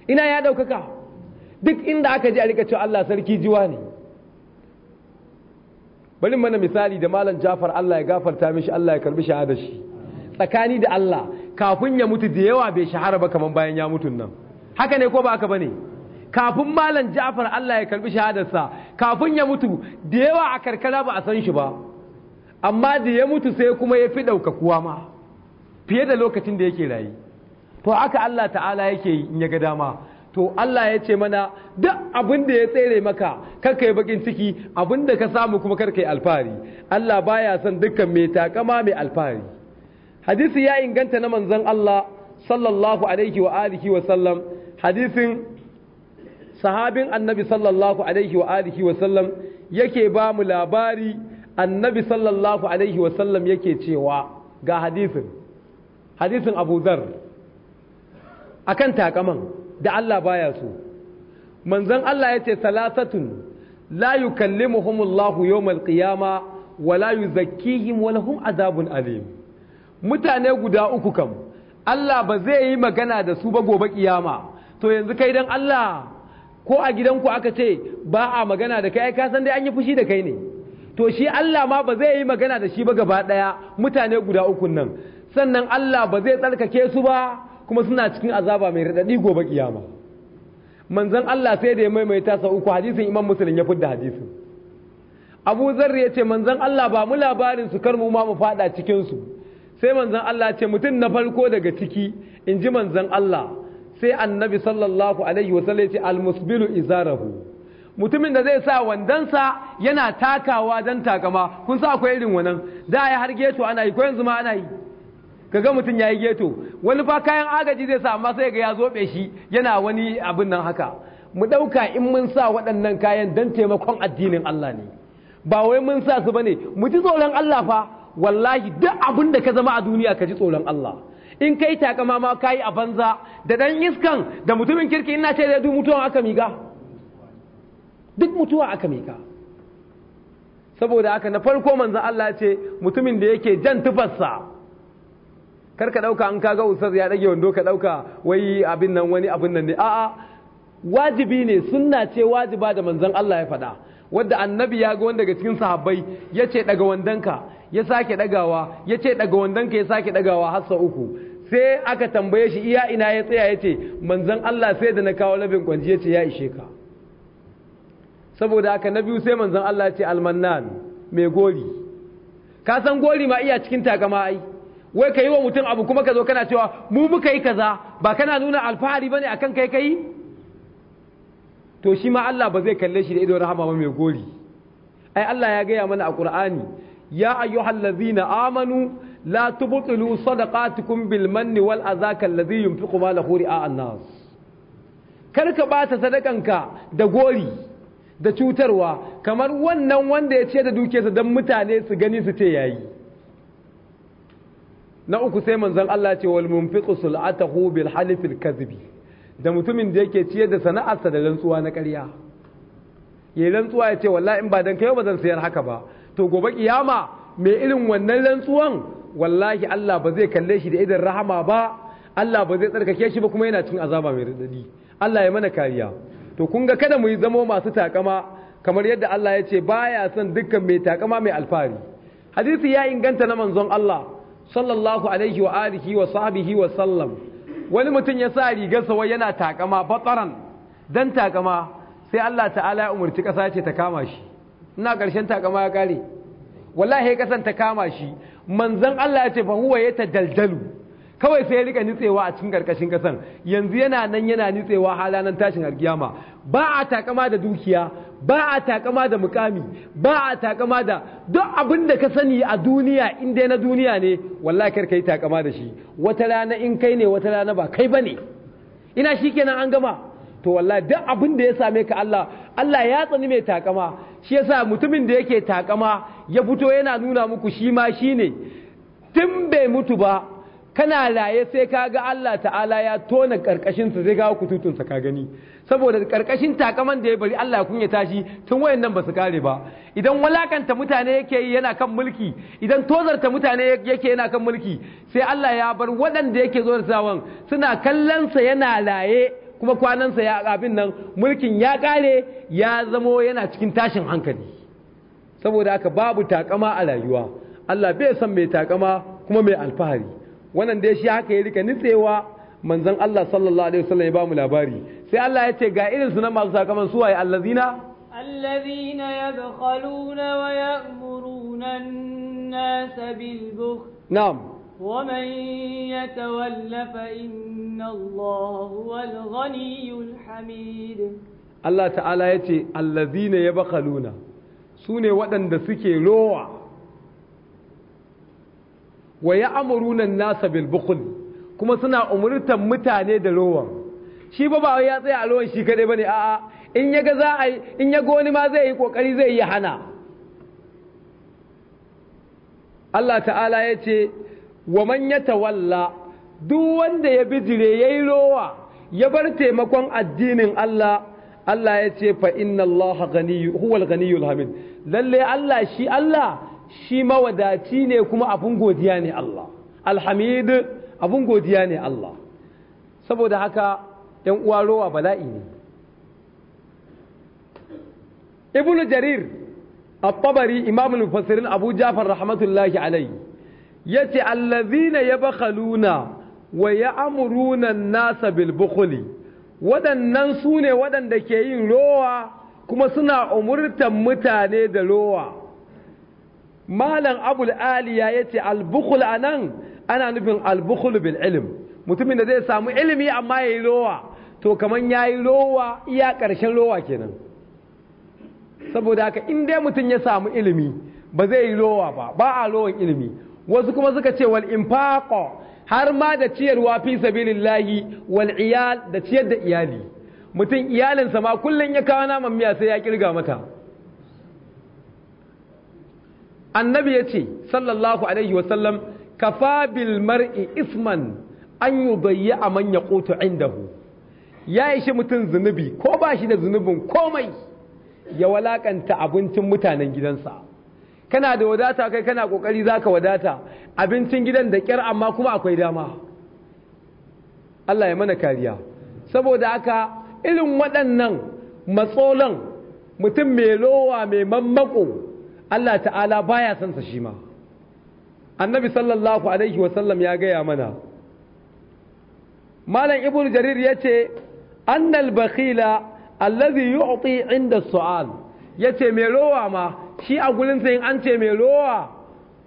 ina ya ɗaukaka duk inda aka ji a rika cewa Allah sarki jiwa ne bari mana misali da malam Jafar Allah ya gafarta mishi Allah ya karbi shahada shi tsakani da Allah kafin ya mutu da yawa bai shahara ba kamar bayan ya mutu nan haka ne ko ba haka bane kafin malam Jafar Allah ya karbi shahadarsa kafin ya mutu da yawa a karkara ba a san shi ba amma da ya mutu sai kuma ya fi ɗaukakuwa ma fiye da lokacin da yake rayu to haka Allah ta'ala yake yi in ya ga dama to Allah ya ce mana duk abin da ya tsere maka karka yi bakin ciki abin da ka samu kuma karka yi alfahari Allah baya son dukkan mai takama mai alfahari hadisi ya inganta na manzon Allah sallallahu alaihi wa alihi wa sallam hadisin sahabin annabi sallallahu alaihi wa alihi wa sallam yake ba mu labari annabi sallallahu alaihi wa sallam yake cewa ga hadisin hadisin Abu Dharr akan takaman da Allah baya so manzon Allah yace salasatun la yukallimuhumullahu yawmal qiyama wa la yuzakkihim wa lahum azabun alim mutane guda uku kam Allah ba zai yi magana da su ba gobe kiyama to yanzu kai dan Allah ko a gidanku aka ce ba a magana da kai ka san dai an yi fushi da kai ne to shi Allah ma ba zai yi magana da shi ba gaba daya mutane guda uku nan sannan Allah ba zai tsarkake su ba kuma suna cikin azaba mai raɗaɗi gobe kiyama manzon Allah sai da ya maimaita sau uku hadisin Imam Muslim ya fidda hadisin Abu Zarri ya ce manzon Allah ba mu labarin su kar mu ma mu fada cikin su sai manzon Allah ya ce mutum na farko daga ciki in inji manzon Allah sai annabi sallallahu alaihi wasallam ya ce almusbilu izarahu mutumin da zai sa wandansa yana takawa dan takama kun sa akwai irin wannan da ya harge to ana yi ko yanzu ma ana yi kaga mutum ya yi geto wani fa kayan agaji zai sa amma sai ga ya zobe shi yana wani abin nan haka mu ɗauka in mun sa waɗannan kayan dan taimakon addinin Allah ne ba wai mun sa su bane mu ji tsoron Allah fa wallahi duk abin da ka zama a duniya ka ji tsoron Allah in kai takama ma kai a banza da dan iskan da mutumin kirki ina ce da duk mutuwa aka miga duk mutuwa aka miga saboda haka na farko manzo Allah ce mutumin da yake jan tufarsa kar ka ɗauka an kaga ustaz ya ɗage wando ka ɗauka wai abin nan wani abin nan ne a'a wajibi ne sunna ce wajiba da manzon Allah ya faɗa wanda annabi ya ga wanda daga cikin sahabbai ya ce daga wandonka ya sake dagawa ya daga wandonka ya sake ɗagawa har sau uku sai aka tambaye shi iya ina ya tsaya ya ce manzon Allah sai da na kawo labin kwanji ya ce ya ishe ka saboda aka na biyu sai manzon Allah ya ce almannan mai gori ka san gori ma iya cikin takama ai wai ka yi wa mutum abu kuma ka zo kana cewa mu muka yi kaza ba kana nuna alfahari ba bane akan kai kai to shi ma Allah ba zai kalle shi da ido rahama ba mai gori ai Allah ya gaya mana a Qur'ani ya ayyuhallazina amanu la tubtilu sadaqatukum bil manni wal adha kallazi yunfiqu malahu ri'a an-nas kar ka bata sadakanka da gori da cutarwa kamar wannan wanda ya ce da dukiyarsa dan mutane su gani su ce yayi na uku sai manzon Allah ce wal munfiqu sul'atahu bil halifil kadhibi da mutumin da yake ciyar da sana'arsa da rantsuwa na ƙarya yayi rantsuwa ya ce wallahi in ba dan kai ba zan sayar haka ba to gobe kiyama me irin wannan rantsuwan wallahi Allah ba zai kalle shi da idan rahama ba Allah ba zai tsarkake shi ba kuma yana cin azaba mai radadi Allah ya mana kariya to kun ga kada mu yi zamo masu takama kamar yadda Allah ya ce baya son dukkan mai takama mai alfari hadisi ya inganta na manzon Allah sallallahu alaihi wa alihi wa sahbihi wa sallam wani mutum ya sa rigarsa wai yana takama batsaran dan takama sai Allah ta'ala ya umarci kasa ce ta kama shi ina ƙarshen takama ya kare wallahi ya ta kama shi manzon Allah ya ce fa huwa yatadaldalu kawai sai ya rika nitsewa a cikin karkashin kasan yanzu yana nan yana nitsewa har tashin alkiyama ba a takama da dukiya ba a takama da mukami ba a takama da duk abin da ka sani a duniya in na duniya ne wallahi kar kai takama da shi wata rana in kai ne wata rana ba kai bane ina shikenan an gama to wallahi duk abin da ya same ka Allah Allah ya tsani mai takama shi yasa mutumin da yake takama ya fito yana nuna muku shi ma shine tun bai mutu ba kana laye sai ka ga Allah ta'ala ya tona ƙarƙashinsa sai ka kututunsa ka gani saboda ƙarƙashin takaman da ya bari Allah ya kunya tashi tun wayannan ba su kare ba idan walakanta mutane yake yi yana kan mulki idan tozarta mutane yake yana kan mulki sai Allah ya bar waɗanda yake zo da sawan suna kallonsa yana laye kuma kwanansa ya abin nan mulkin ya kare ya zamo yana cikin tashin hankali saboda haka babu takama a rayuwa Allah bai san mai takama kuma mai alfahari wannan dai shi haka ya rika nitsewa manzon Allah sallallahu alaihi wasallam ya ba mu labari sai Allah ya ce ga irin su na masu sakaman su waye allazina allazina yadkhuluna wa ya'muruna an-nas bil bukhl na'am wa man yatawalla fa inna Allah huwal ghaniyul hamid Allah ta'ala ya ce allazina yabkhaluna su ne waɗanda suke rowa wa ya an-nasa bil bukhl kuma suna umurtan mutane da rowan shi ba ba ya tsaya a rowan shi kadai bane a'a in yaga za a in yaga wani ma zai yi kokari zai yi hana Allah ta'ala ya ce wa man yatawalla duk wanda ya bijire yayi rowa ya bar taimakon addinin Allah Allah ya ce fa inna Allah ganiyyu huwal ghaniyyul hamid lalle Allah shi Allah shi mawadaci ne kuma abun godiya ne Allah alhamid abun godiya ne Allah saboda haka ‘yan uwa rowa bala'i ne ibn jarir al-tabari imamul fasirin abu jafar rahmatullahi alai ya ce allazina ya bakaluna wa ya amuruna nasa bilbukuli waɗannan su ne waɗanda ke yin rowa kuma suna umurtan mutane da rowa malam abul aliya ya ce albukul a nan ana nufin albukul bil ilim mutumin da zai samu ilimi amma yayi yi rowa to kamar ya yi rowa iya ƙarshen rowa kenan saboda haka in dai mutum ya samu ilimi ba zai yi rowa ba ba a rowan ilimi wasu kuma suka ce wal infaqo har ma da ciyarwa fi sabilillahi wal iyal da ciyar da iyali mutum iyalinsa ma kullum ya kawo naman miya sai ya kirga mata annabi ya ce sallallahu alaihi wasallam kafa bil mar'i isman an yubayya a man inda indahu ya ishe mutum zunubi ko ba shi da zunubin komai ya walakanta abincin mutanen gidansa kana da wadata kai kana kokari zaka wadata abincin gidan da ƙyar amma kuma akwai dama Allah ya mana kariya saboda haka irin waɗannan matsolan mutum mai lowa mai mammako Allah ta'ala baya son sa shi ma annabi sallallahu alaihi wasallam ya gaya mana malam ibnu jarir yace annal bakhila allazi yu'ti inda su'al yace mai rowa ma shi a gurin sa an ce mai rowa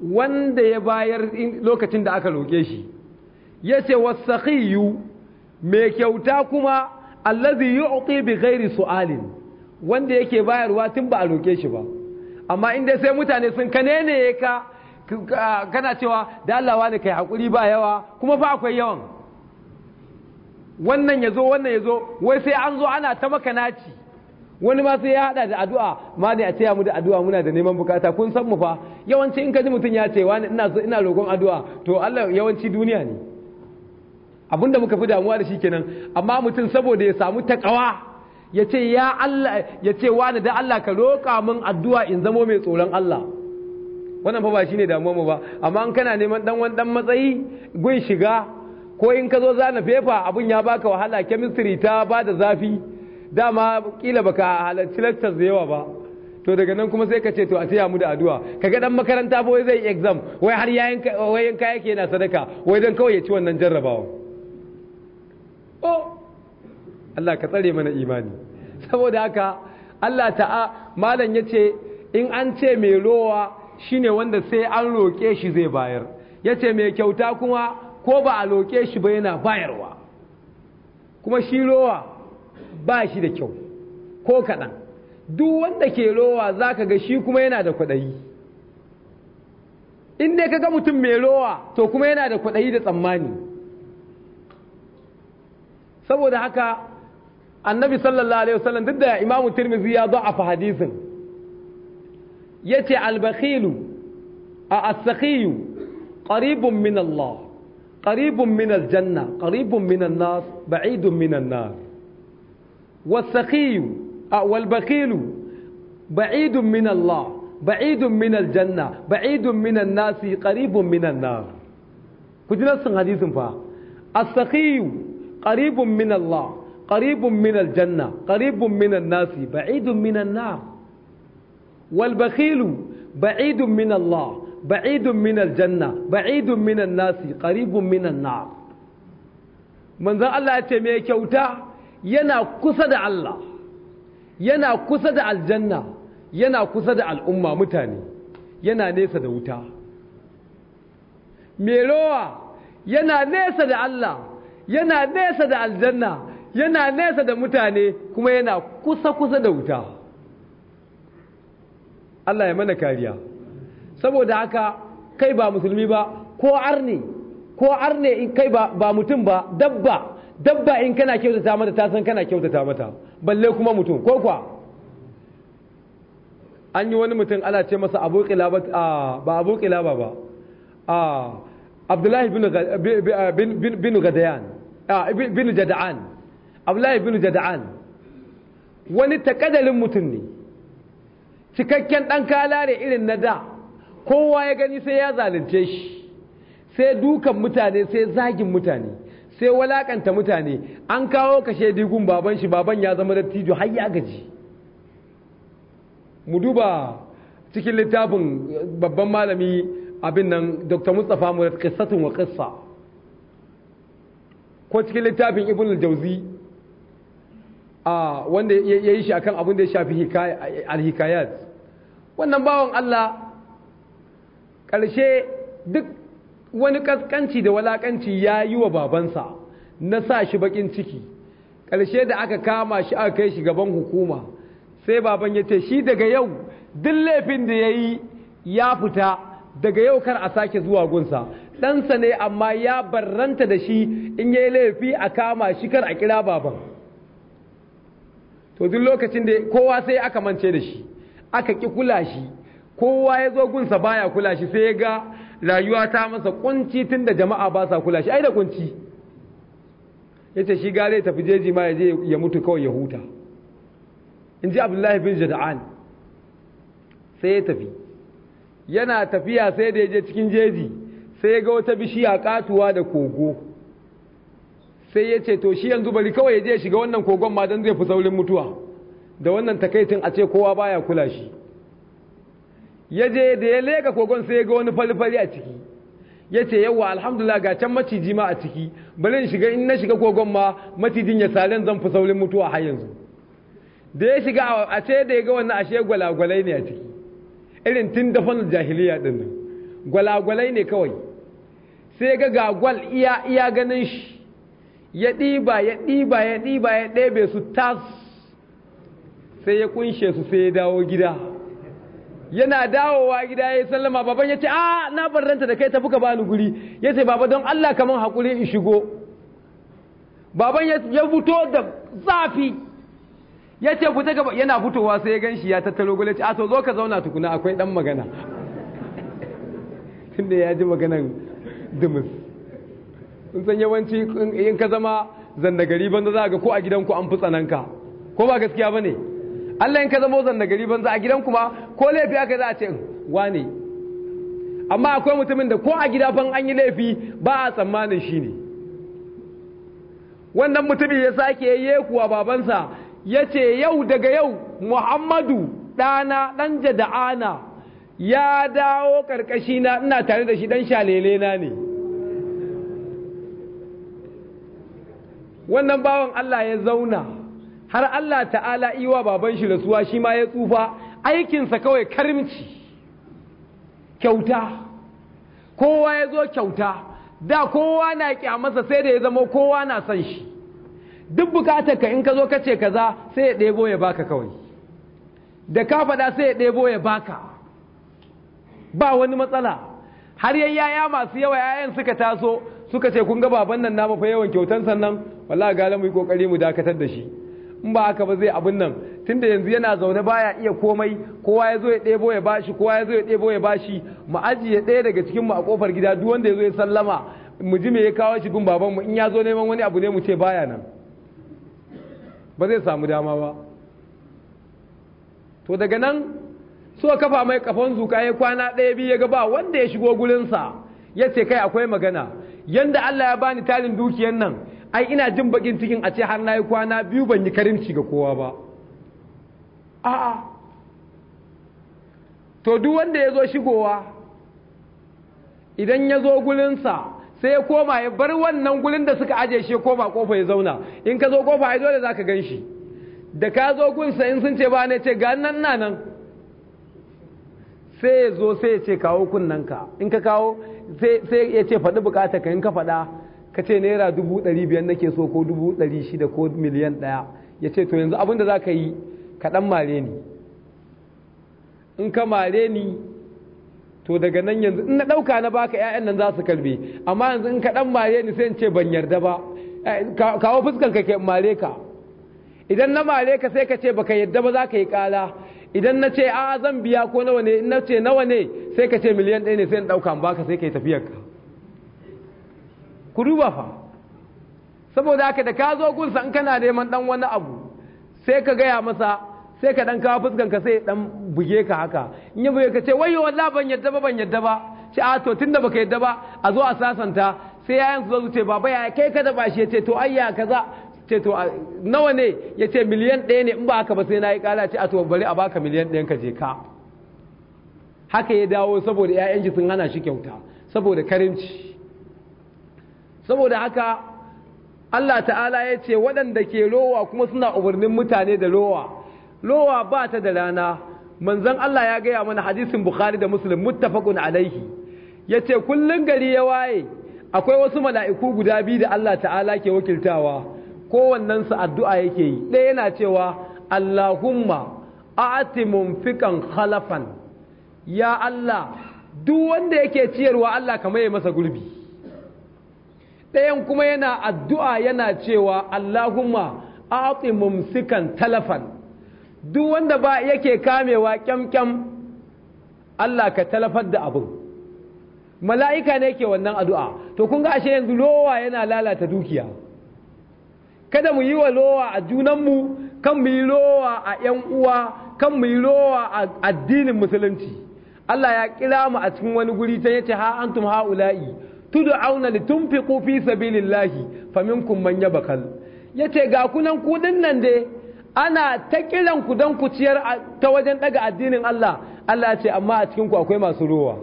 wanda ya bayar lokacin da aka roke shi yace wasakhiyu mai kyauta kuma allazi yu'ti bi ghairi su'alin wanda yake bayarwa tun ba a roke shi ba amma inda sai mutane sun kane ne ka kana cewa da Allah wani kai hakuri ba yawa kuma fa akwai yawan wannan yazo wannan yazo wai sai an zo ana ta makanaci wani ma sai ya hada da addu'a ma ne a ce mu da addu'a muna da neman bukata kun san mu fa yawanci in ka ji mutum ya ce wani ina ina roƙon addu'a to Allah yawanci duniya ne abinda muka fi damuwa da shi kenan amma mutum saboda ya samu takawa ya ce ya Allah ya ce wani da Allah ka roƙa min addu'a in zamo mai tsoron Allah wannan fa ba shi ne damuwa mu ba amma in kana neman dan wani dan matsayi gun shiga ko in ka zo zana fefa abun ya baka wahala chemistry ta ba da zafi dama kila baka halarci lectures da yawa ba to daga nan kuma sai ka ce to a taya mu da addu'a kaga dan makaranta wai zai exam wai har yayin wai yanka yake yana sadaka wai dan kawai ya ci wannan jarrabawa oh! Allah ka tsare mana imani saboda haka Allah ta'a malam yace in an ce mai rowa shine wanda sai an roƙe shi zai bayar yace mai kyauta kuma ko ba a roƙe shi ba yana bayarwa kuma shi rowa ba shi da kyau ko kaɗan duk wanda ke rowa za ka ga shi kuma yana da kwaɗayi in dai ka ga mutum mai rowa to kuma yana da kwaɗayi da tsammani saboda haka النبي صلى الله عليه وسلم ضد امام الترمذي يا ضعف حديثا يتي البخيل السخي قريب من الله قريب من الجنه قريب من النار بعيد من النار والسخي والبخيل بعيد من الله بعيد من الجنه بعيد من الناس قريب من النار كنت نفس حديث فا السخي قريب من الله قريب من الجنة قريب من الناس بعيد من النار والبخيل بعيد من الله بعيد من الجنة بعيد من الناس قريب من النار من ذا الله يتمي كوتا ينا كسد الله ينا كسد الجنة ينا كسد الأمة متاني ينا نيسا دوتا ميلوه ينا nesa da Allah yana nesa da aljanna yana nesa da mutane kuma yana kusa-kusa da wuta Allah ya mana kariya saboda haka kai ba musulmi ba ko arne ko arne in kai ba mutum ba dabba dabba in kana kyautata mata ta san kana kyautata mata balle kuma mutum ko kwa an yi wani mutum ana ce masa ba abu kilaba ba abdullahi bin gadayan bin jada'an abdullahi bin jada'an wani takadalin mutum ne cikakken ɗan kalare irin na da kowa ya gani sai ya zalunce shi sai dukan mutane sai zagin mutane sai walakanta mutane an kawo kashe digun baban shi baban ya zama dattijo har ya gaji mu duba cikin littafin babban malami abin nan dr mustapha murad qissatun wa qissa ko cikin littafin ibn al-jawzi wanda ya yi shi akan abin da ya shafi alhikayat wannan bawan Allah ƙarshe duk wani ƙasƙanci da walaƙanci ya yi wa babansa na sa shi baƙin ciki ƙarshe da aka kama shi aka kai shi gaban hukuma sai baban ya ce shi daga yau duk laifin da ya yi ya fita daga yau kar a sake zuwa gunsa ɗansa ne amma ya barranta da shi in ya yi laifi a kama shi kar a kira baban to duk lokacin da kowa sai aka mance da shi aka ki kula shi kowa ya zo gunsa baya kula shi sai ya ga rayuwa ta masa kunci tun da jama'a ba sa kula shi ai da kunci ya ce shi gare tafi jeji ma ya ya mutu kawai ya huta in ji abdullahi bin jada'an sai ya tafi yana tafiya sai da ya je cikin jeji sai ya ga wata bishiya katuwa da kogo sai ya ce to shi yanzu bari kawai ya je shiga wannan kogon ma don zai fi saurin mutuwa da wannan takaitin a ce kowa baya kula shi ya je da ya leka kogon sai ya ga wani fari-fari a ciki ya ce yawa alhamdulillah ga can maciji ma a ciki bari shiga in na shiga kogon ma macijin ya salen zan fi saurin mutuwa har yanzu da ya shiga a ce da ya ga wannan ashe gwalagwalai ne a ciki irin tun dafan jahiliya din nan gwalagwalai ne kawai sai ga ga gwal iya iya ganin shi ya ɗiba ya ɗiba ya ɗiba ya ɗebe su tas sai ya kunshe su sai ya dawo gida yana dawowa gida ya sallama baban ya ce a na barranta da kai tafi ka bani guri ya ce baba don Allah kaman haƙuri in shigo baban ya fito da zafi ya ce fita gaba yana fitowa sai ya ganshi ya tattaro gole ce a to zo ka zauna tukuna akwai dan magana *laughs* tunda ya ji maganan dumus in san yawanci in ka zama gari banza za ga ko a gidanku an fi tsananka ko ba gaskiya ba ne Allah in ka zama gari banza a gidanku ma ko laifi aka za a ce wane amma akwai mutumin da ko a gida ban an yi laifi ba a tsammanin shi ne wannan mutumin ya sake yayye kuwa babansa ya ce yau daga yau muhammadu ɗana ɗan jada'ana ya dawo ƙarƙashina ina tare da shi ɗan shalelena ne wannan bawan Allah ya zauna har Allah ta'ala iwa baban shi rasuwa shi ma ya tsufa aikinsa kawai karimci. kyauta kowa ya zo kyauta da kowa na kyamasa sai da ya zama kowa na san shi duk bukatar ka in ka zo ka ce kaza sai ya ɗebo ya baka kawai da ka faɗa sai ya ɗebo ya baka ba wani matsala har yayya masu yawa 'ya'yan suka taso suka ce kun ga baban nan namu fa yawan kyautan sannan wallahi gala mu yi kokari mu dakatar da shi in ba haka ba zai abin nan tunda yanzu yana zaune baya iya komai kowa ya zo ya ɗebo ya bashi kowa ya zo ya ɗebo ya bashi mu ajiye ɗaya daga cikin mu a kofar gida duk wanda ya zo ya sallama mu ji me ya kawo shi gun baban mu in ya zo neman wani abu ne mu ce baya nan ba zai samu dama ba to daga nan so kafa mai kafan zuka ya kwana ɗaya biyu ya ga ba wanda ya shigo gurinsa ya ce kai akwai magana yanda Allah ya bani talin dukiyar nan ai ina jin bakin cikin a ce har na yi kwana biyu ban yi karimci ga kowa ba a'a to duk wanda ya zo shigowa idan ya zo gulinsa sai ya koma ya bar wannan gulin da suka aje shi ya koma kofa ya zauna in ka zo kofa ya dole za ka gan shi da ka zo gunsa in sun ce ba ne ce ga nan na nan sai ya zo sai ya ce kawo kunnanka in ka kawo sai ya ce faɗi bukata ka in ka faɗa ka ce naira dubu ɗari biyar nake so ko dubu ɗari shida ko miliyan ɗaya ya ce to yanzu abin da za ka yi ka ɗan mare ni in ka mare ni to daga nan yanzu in na ɗauka na baka 'ya'yan nan za su karbe amma yanzu in ka ɗan mare ni sai in ce ban yarda ba kawo fuskanka ka ke mare ka idan na mare ka sai ka ce baka yarda ba za ka yi ƙala idan na ce a zan biya ko nawa ne in na ce nawa ne sai ka ce miliyan ɗaya ne sai na ɗauka ba ka sai ka yi ka ku duba fa saboda haka da ka zo gunsa in kana neman dan wani abu sai ka gaya masa sai ka ɗan kawo fuskan ka sai ɗan buge ka haka in ya buge ka ce wayo wallahi ban yadda ba ban yadda ba ce a to tun tunda baka yadda ba a zo a sasanta sai yayan su zo ce baba ya kai ka da bashi ya ce to ayya kaza ce to nawa ne ya ce miliyan ɗaya ne in ba haka ba sai na yi ƙara ce a to bari a baka miliyan ɗayan ka je ka haka ya dawo saboda 'ya'yan sun hana shi kyauta saboda karimci saboda haka Allah ta'ala ya ce waɗanda ke rowa kuma suna umarnin mutane da rowa rowa ba ta da rana manzon Allah ya gaya mana hadisin Bukhari da Muslim muttafaqun alaihi Ya ce kullum gari ya waye akwai wasu mala'iku guda biyu da Allah ta'ala ke wakiltawa kowannensu addu'a yake yi ɗaya yana cewa Allahumma a'ti fikan khalafan ya Allah duk wanda yake ciyarwa Allah kamar ya masa gurbi ɗayan kuma yana addu'a yana cewa Allahumma a'ti fikan talafan duk wanda ba yake kamewa kyamkyam Allah ka talafar da abin mala'ika ne ke wannan addu'a to kun ga ashe yanzu lowa yana lalata dukiya kada mu yi wa lowa a junanmu kan mu yi lowa a ‘yan uwa kan mu yi lowa a addinin musulunci Allah ya kira mu a cikin wani guri ta yace ha antum haula'i tud'auna litunfiqu fi sabilillahi faminkum man yabakal yace ga kunan kudin nan dai ana ta kiran ku dan ku ciyar ta wajen daga addinin Allah Allah ya ce amma a cikin ku akwai masu rowa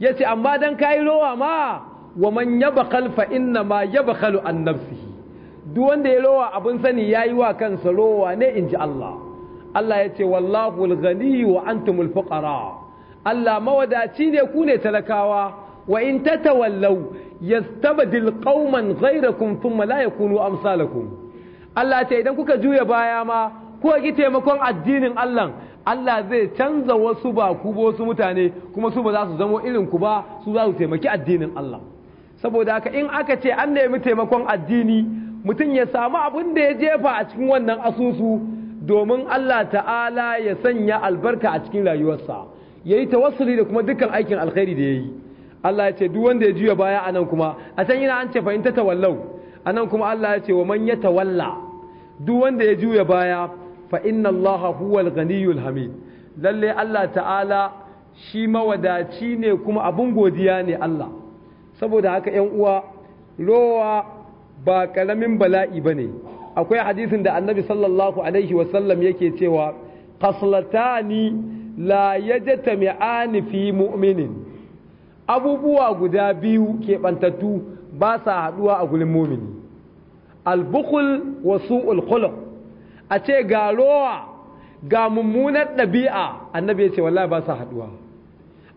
yace amma dan kai rowa ma wa man yabakal fa inna ma yabakalu an nafsihi duk wanda ya rowa abin sani ya yi wa kansa rowa ne in ji Allah Allah ya ce wallahu al-ghani wa antumul fuqara Allah mawadaci ne ku ne talakawa wa in tatawallaw yastabdil qauman ghayrakum thumma la yakunu amsalakum Allah ce idan kuka juya baya ma kuka ki taimakon addinin Allah Allah zai canza wasu ba ku ba wasu mutane kuma su ba za su zamo irin ku ba su za su taimaki addinin Allah saboda haka in aka ce an nemi taimakon addini mutum ya samu abin da ya jefa a cikin wannan asusu domin Allah ta'ala ya sanya albarka a cikin rayuwarsa ya yi tawassuli da kuma dukkan aikin alkhairi da ya yi Allah ya ce duk wanda ya juya baya a kuma a can yana an ce ta tawallau anan kuma Allah ya ce wa man ya tawalla duk wanda ya juya baya fa inna Allah huwal ghaniyul hamid lalle Allah ta'ala shi mawadaci ne kuma abun godiya ne Allah saboda haka 'yan uwa rowa ba ƙaramin bala'i ba ne. akwai hadisin da annabi sallallahu alaihi wasallam yake cewa khaslatani la mai fi mu'minin abubuwa guda biyu keɓantattu ba sa haɗuwa a gurin mumini albukul wa su'ul khuluq a ce ga ga mummunar ɗabi'a annabi ya ce wallahi ba sa haɗuwa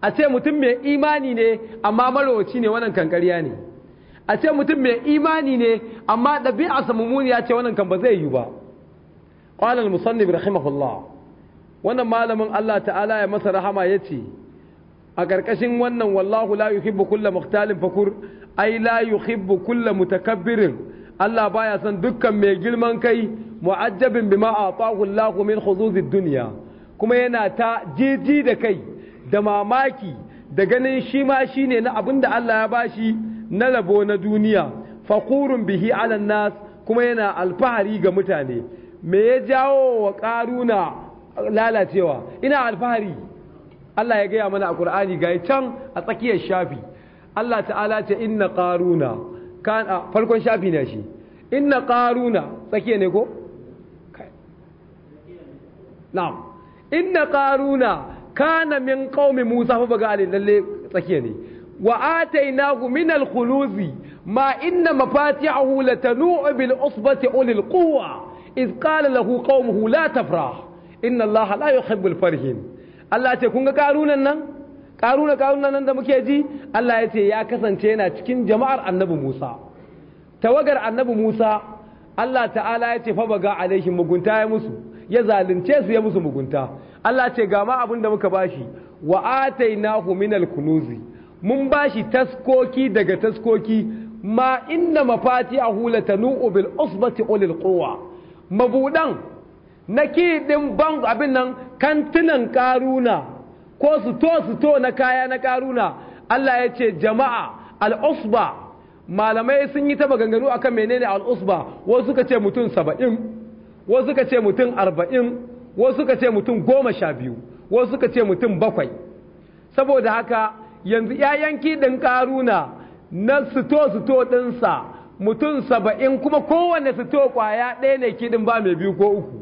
a ce mutum mai imani ne amma marowaci ne wannan kankariya ne a ce mutum mai imani ne amma ɗabi'arsa ya ce wannan kan ba zai yi ba ƙwalar musannin rahimahullah wannan malamin Allah ta'ala ya masa rahama ya ce, a ƙarƙashin wannan wallahu la yuhibbu kulla mukhtalin fakur ai la yuhibbu kulla mutakabbirin Allah baya san dukkan mai girman kai mu'ajjabin bima atahu Allahu min khuzuzid duniya, kuma yana ta jiji da kai da mamaki da ganin shi ma shine na abinda Allah ya bashi na rabo na duniya fakurun bihi alan nas kuma yana alfahari ga mutane me ya jawo wa karuna lalacewa ina alfahari Allah ya gaya mana a Qur'ani ga can a tsakiyar shafi Allah ta'ala ce inna qaruna kan farkon shafi ne shi inna ƙaruna, tsakiya ne ko na'am inna ƙaruna, kana min qaumi Musa fa baga lalle tsakiya ne wa atainahu min al-khuluzi ma inna mafatihahu latanu'u bil usbati ulil quwwa iz qala lahu qaumuhu la tafrah inna allaha la yuhibbul farihin Allah ce kun ga karunan da muke ji Allah ya ce ya kasance yana cikin jama'ar annabi Musa tawagar annabi Musa Allah ta'ala ya ce fa baga alaihim mugunta ya musu ya zalunce su ya musu mugunta Allah ce ga ma abin da muka bashi wa atainahu minal Kuluzi. mun ba shi taskoki daga taskoki ma inna ta latanu bil usbati ulil kowa mabudan na kiɗin ban abin nan kantinan ƙaruna ko su to su to na kaya na ƙaruna Allah ya ce jama'a al'usba malamai sun yi ta maganganu akan menene al'usba wasu ka ce mutum saba'in wasu ka ce mutum arba'in wasu ka ce mutum goma sha biyu wasu ka ce mutum bakwai saboda haka yanzu ‘ya'yan kiɗin ƙaruna na sito-sito ɗinsa mutum saba'in kuma kowane sito ƙwaya ɗaya ne kiɗin ba mai biyu ko uku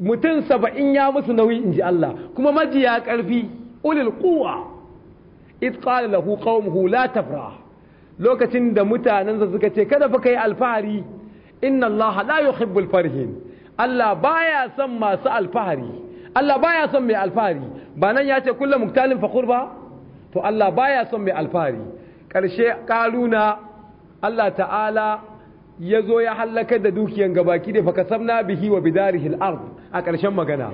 mutum saba'in ya musu nauyi in ji Allah kuma majiya ƙarfi ulil kuwa itqala lahu qaumuhu tafra lokacin da mutanensa suka ce kada fa kai alfahari inna Allah la yuhibbul Allah baya son masu alfahari Allah baya son mai alfahari ba nan ya ce kullum muktalin fakhur ba to Allah baya son mai alfahari ƙarshe ƙaruna Allah ta'ala ya zo ya hallakar da dukiyan gabaki da fakasabna bihi wa bidarihi al-ard a ƙarshen magana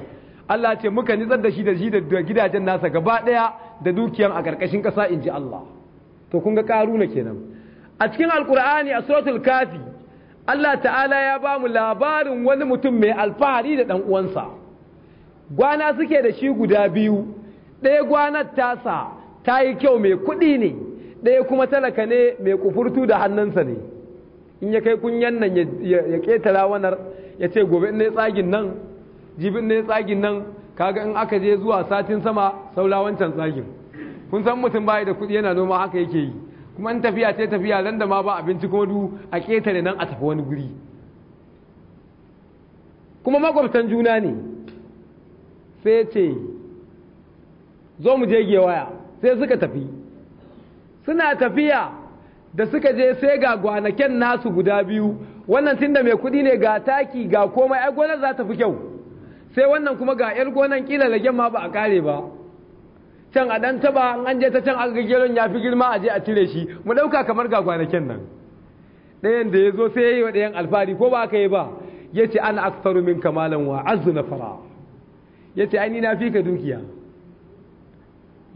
Allah ce muka nitsar da shi da shi da gidajen nasa gaba ɗaya da dukiyan a ƙarƙashin ƙasa in ji Allah to kun ga ƙaruna kenan a cikin alkur'ani a suratul kafi Allah ta'ala ya ba mu labarin wani mutum mai alfahari da ɗan uwansa gwana suke da shi guda biyu ɗaya gwanar tasa ta yi kyau mai kuɗi ne ɗaya kuma talaka ne mai kufurtu da hannunsa ne in ya kai kunyan nan ya ƙetara wanar ya ce gobe in tsagin nan jibin ne tsagin nan kaga in aka je zuwa satin sama saula wancan tsagin kun san mutum bayi da kuɗi yana noma haka yake yi kuma in tafiya ce tafiya nan da ma ba abinci kuma du a ƙetare nan a tafi wani guri kuma makwabtan juna ne sai ce zo mu je gewaya sai suka tafi suna tafiya da suka je sai ga gwanaken nasu guda biyu wannan tunda mai kudi ne ga taki ga komai ai gonar za ta fi kyau sai wannan kuma ga yar gonar kila lagen ma ba a kare ba can a dan taba an je ta can aka geron ya fi girma aje a cire shi mu dauka kamar ga gwanaken nan ɗayan da ya zo sai ya yi wa ɗayan alfahari ko ba ka yi ba ya ce ana aksaru min kamalan wa azu na fara ya ce ai ni na fi dukiya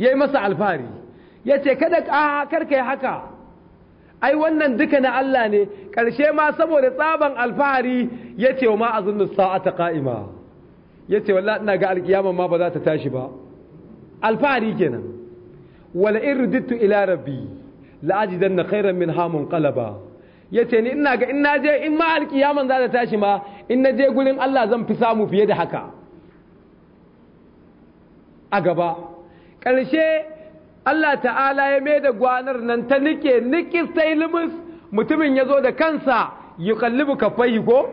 ya yi masa alfahari ya ce kada karka yi haka ai wannan duka na Allah ne ƙarshe ma saboda tsaban alfahari ya ce wa ma'azin sa'ata ƙa'ima ya ce wa ina ga alƙiyama ma ba za ta tashi ba alfahari kenan wala in rudittu ila rabbi dan na khairan min hamun qalaba ya ce ni ina ga in na je in ma alƙiyaman za ta tashi ma in na je gurin Allah zan fi samu fiye da haka a gaba ƙarshe Allah ta'ala ya mai da gwanar nan ta nike nikis ta Limus, mutumin ya zo da kansa yi kallibu kafai ko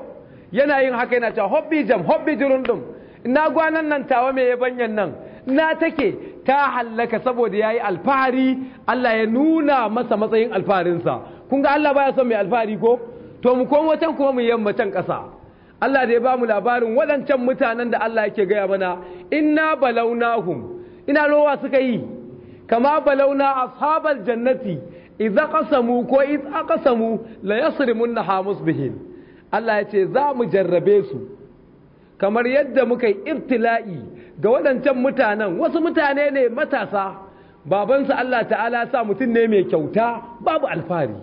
yana yin haka yana cewa hobbi jam hobbi jirundum ina gwanan nan tawa mai yabanyan nan na take ta hallaka saboda ya yi alfahari Allah ya nuna masa matsayin alfaharinsa kun ga Allah baya son mai alfahari ko to mu komo can kuma mu yammacin ƙasa Allah da ya ba mu labarin waɗancan mutanen da Allah yake gaya mana inna balawnahum ina rowa suka yi kama balauna ashabal jannati idza qasamu ko idza qasamu la yasrimunna hamus bihin Allah ya ce za mu jarrabe su kamar yadda muka yi ibtila'i ga waɗancan mutanen wasu mutane ne matasa babansu Allah ta'ala sa mutum ne mai kyauta babu alfari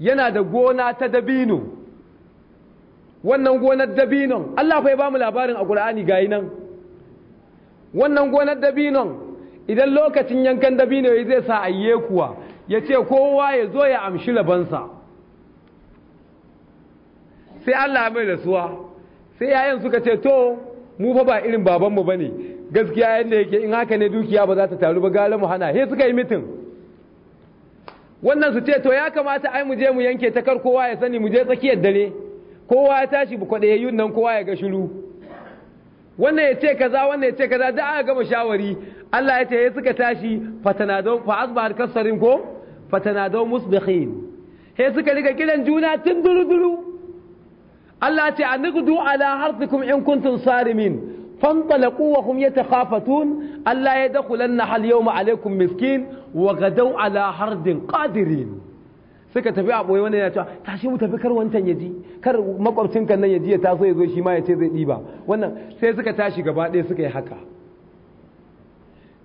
yana da gona ta dabino wannan gonar dabinon Allah fa ya ba mu labarin a Qur'ani gayi nan wannan gonar dabinon idan lokacin yankan dabino ya zai sa ayye kuwa ya ce kowa ya zo ya amshi labansa sai Allah mai rasuwa sai yayan suka ce to mu fa ba irin babanmu ba ne gaskiya yadda yake in haka ne dukiya ba za ta taru ba gala mu hana he suka yi mitin wannan su ce to ya kamata ai mu je mu yanke ta kowa ya sani mu je tsakiyar dare kowa ya tashi bu yayin nan kowa ya ga shiru wannan ya ce kaza wannan ya ce kaza da aka gama shawari Allah ya ce ya suka tashi fatanadau fa asbahar kasarin ko fatanadau musbihin he suka riga kiran juna tun duruduru Allah ya ce anqdu ala harsikum in kuntum sarimin fantalaqu wa hum yatakhafatun ya yadkhulanna hal yawma alaykum miskin wa gadaw ala hardin qadirin Suka tafi a ɓoye wanda ya cewa tashi mu tafi kar wancan ya ji kar nan ya ji ya taso ya zo shi ma ya ce zai ɗiba wannan sai suka tashi gaba ɗaya suka yi haka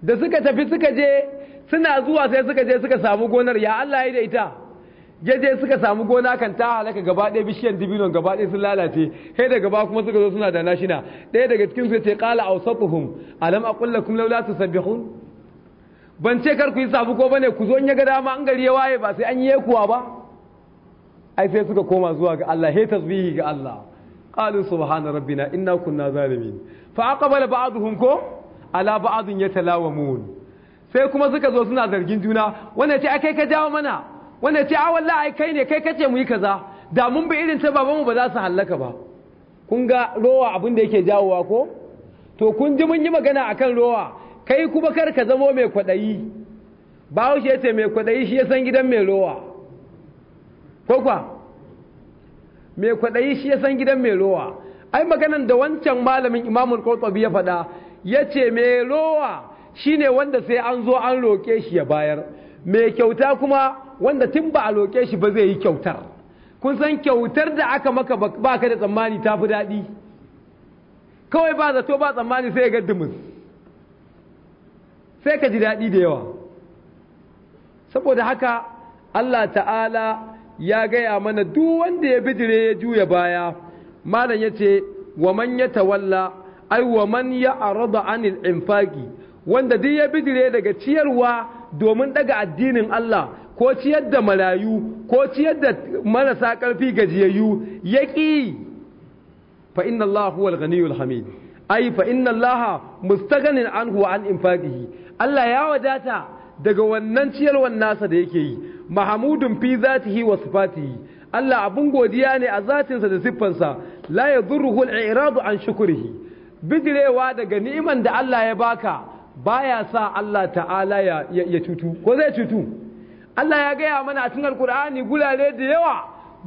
da suka tafi suka je suna zuwa sai suka je suka samu gonar ya Allah ya da ita jeje suka samu gona kan ta halaka gaba ɗaya bishiyan dibinon gaba ɗaya sun lalace sai da gaba kuma suka zo suna da nashina ɗaya daga cikin su ya ce qala awsatuhum alam aqul lakum laula tusabbihun ban ce kar ku yi sabu ko bane ku zo in ya ga dama an gari ya waye ba sai an yi kuwa ba ai sai suka koma zuwa ga Allah he tasbihi ga Allah qalu subhana rabbina inna kunna zalimin fa aqbala ba'dhum ko ala ba'dhin yatalawamun sai kuma suka zo suna zargin juna wanda ce akai ka jawo mana wanda ce a wallahi kai ne kai kace mu yi kaza da mun bi irin ta babanmu ba za su hallaka ba kun ga rowa abin da yake jawowa ko to kun ji mun yi magana akan rowa kai kuma kar ka zamo mai kwaɗayi wa shi ya ce mai kwaɗayi shi ya san gidan mai rowa ko kwa mai kwaɗayi shi ya san gidan mai rowa ai maganan da wancan malamin al-qurtubi ya faɗa yace ce mai rowa shine wanda sai an zo an roke shi ya bayar mai kyauta kuma wanda tun ba a roƙe shi ba zai yi kyautar kun san kyautar da aka maka baka da tsammani tafi fi daɗi kawai ba zato ba tsammani sai ga dumus sai ka ji daɗi da yawa saboda haka Allah ta'ala ya gaya mana duk wanda ya bijire ya juya baya malam ya ce, wa man ya tawalla, ai wa man ya ya'rada anil infaqi wanda duk ya bijire daga ciyarwa domin daga addinin Allah ko ciyar da marayu ko ciyar da marasa ƙarfi gajiyayyu yaqi fa inna Allah huwal ghaniyul hamid ai fa inna Allah musta anhu an infaqihi Allah ya wadata daga wannan ciyarwar nasa da yake yi mahamudun fi zatihi wa sifatihi Allah abin godiya ne a zatinsa da siffansa la ya al-i'radu an shukrihi bidirewa daga ni'iman da Allah ya baka baya sa Allah ta'ala ya, cutu ko zai cutu Allah ya gaya mana a alkur'ani gulale da yawa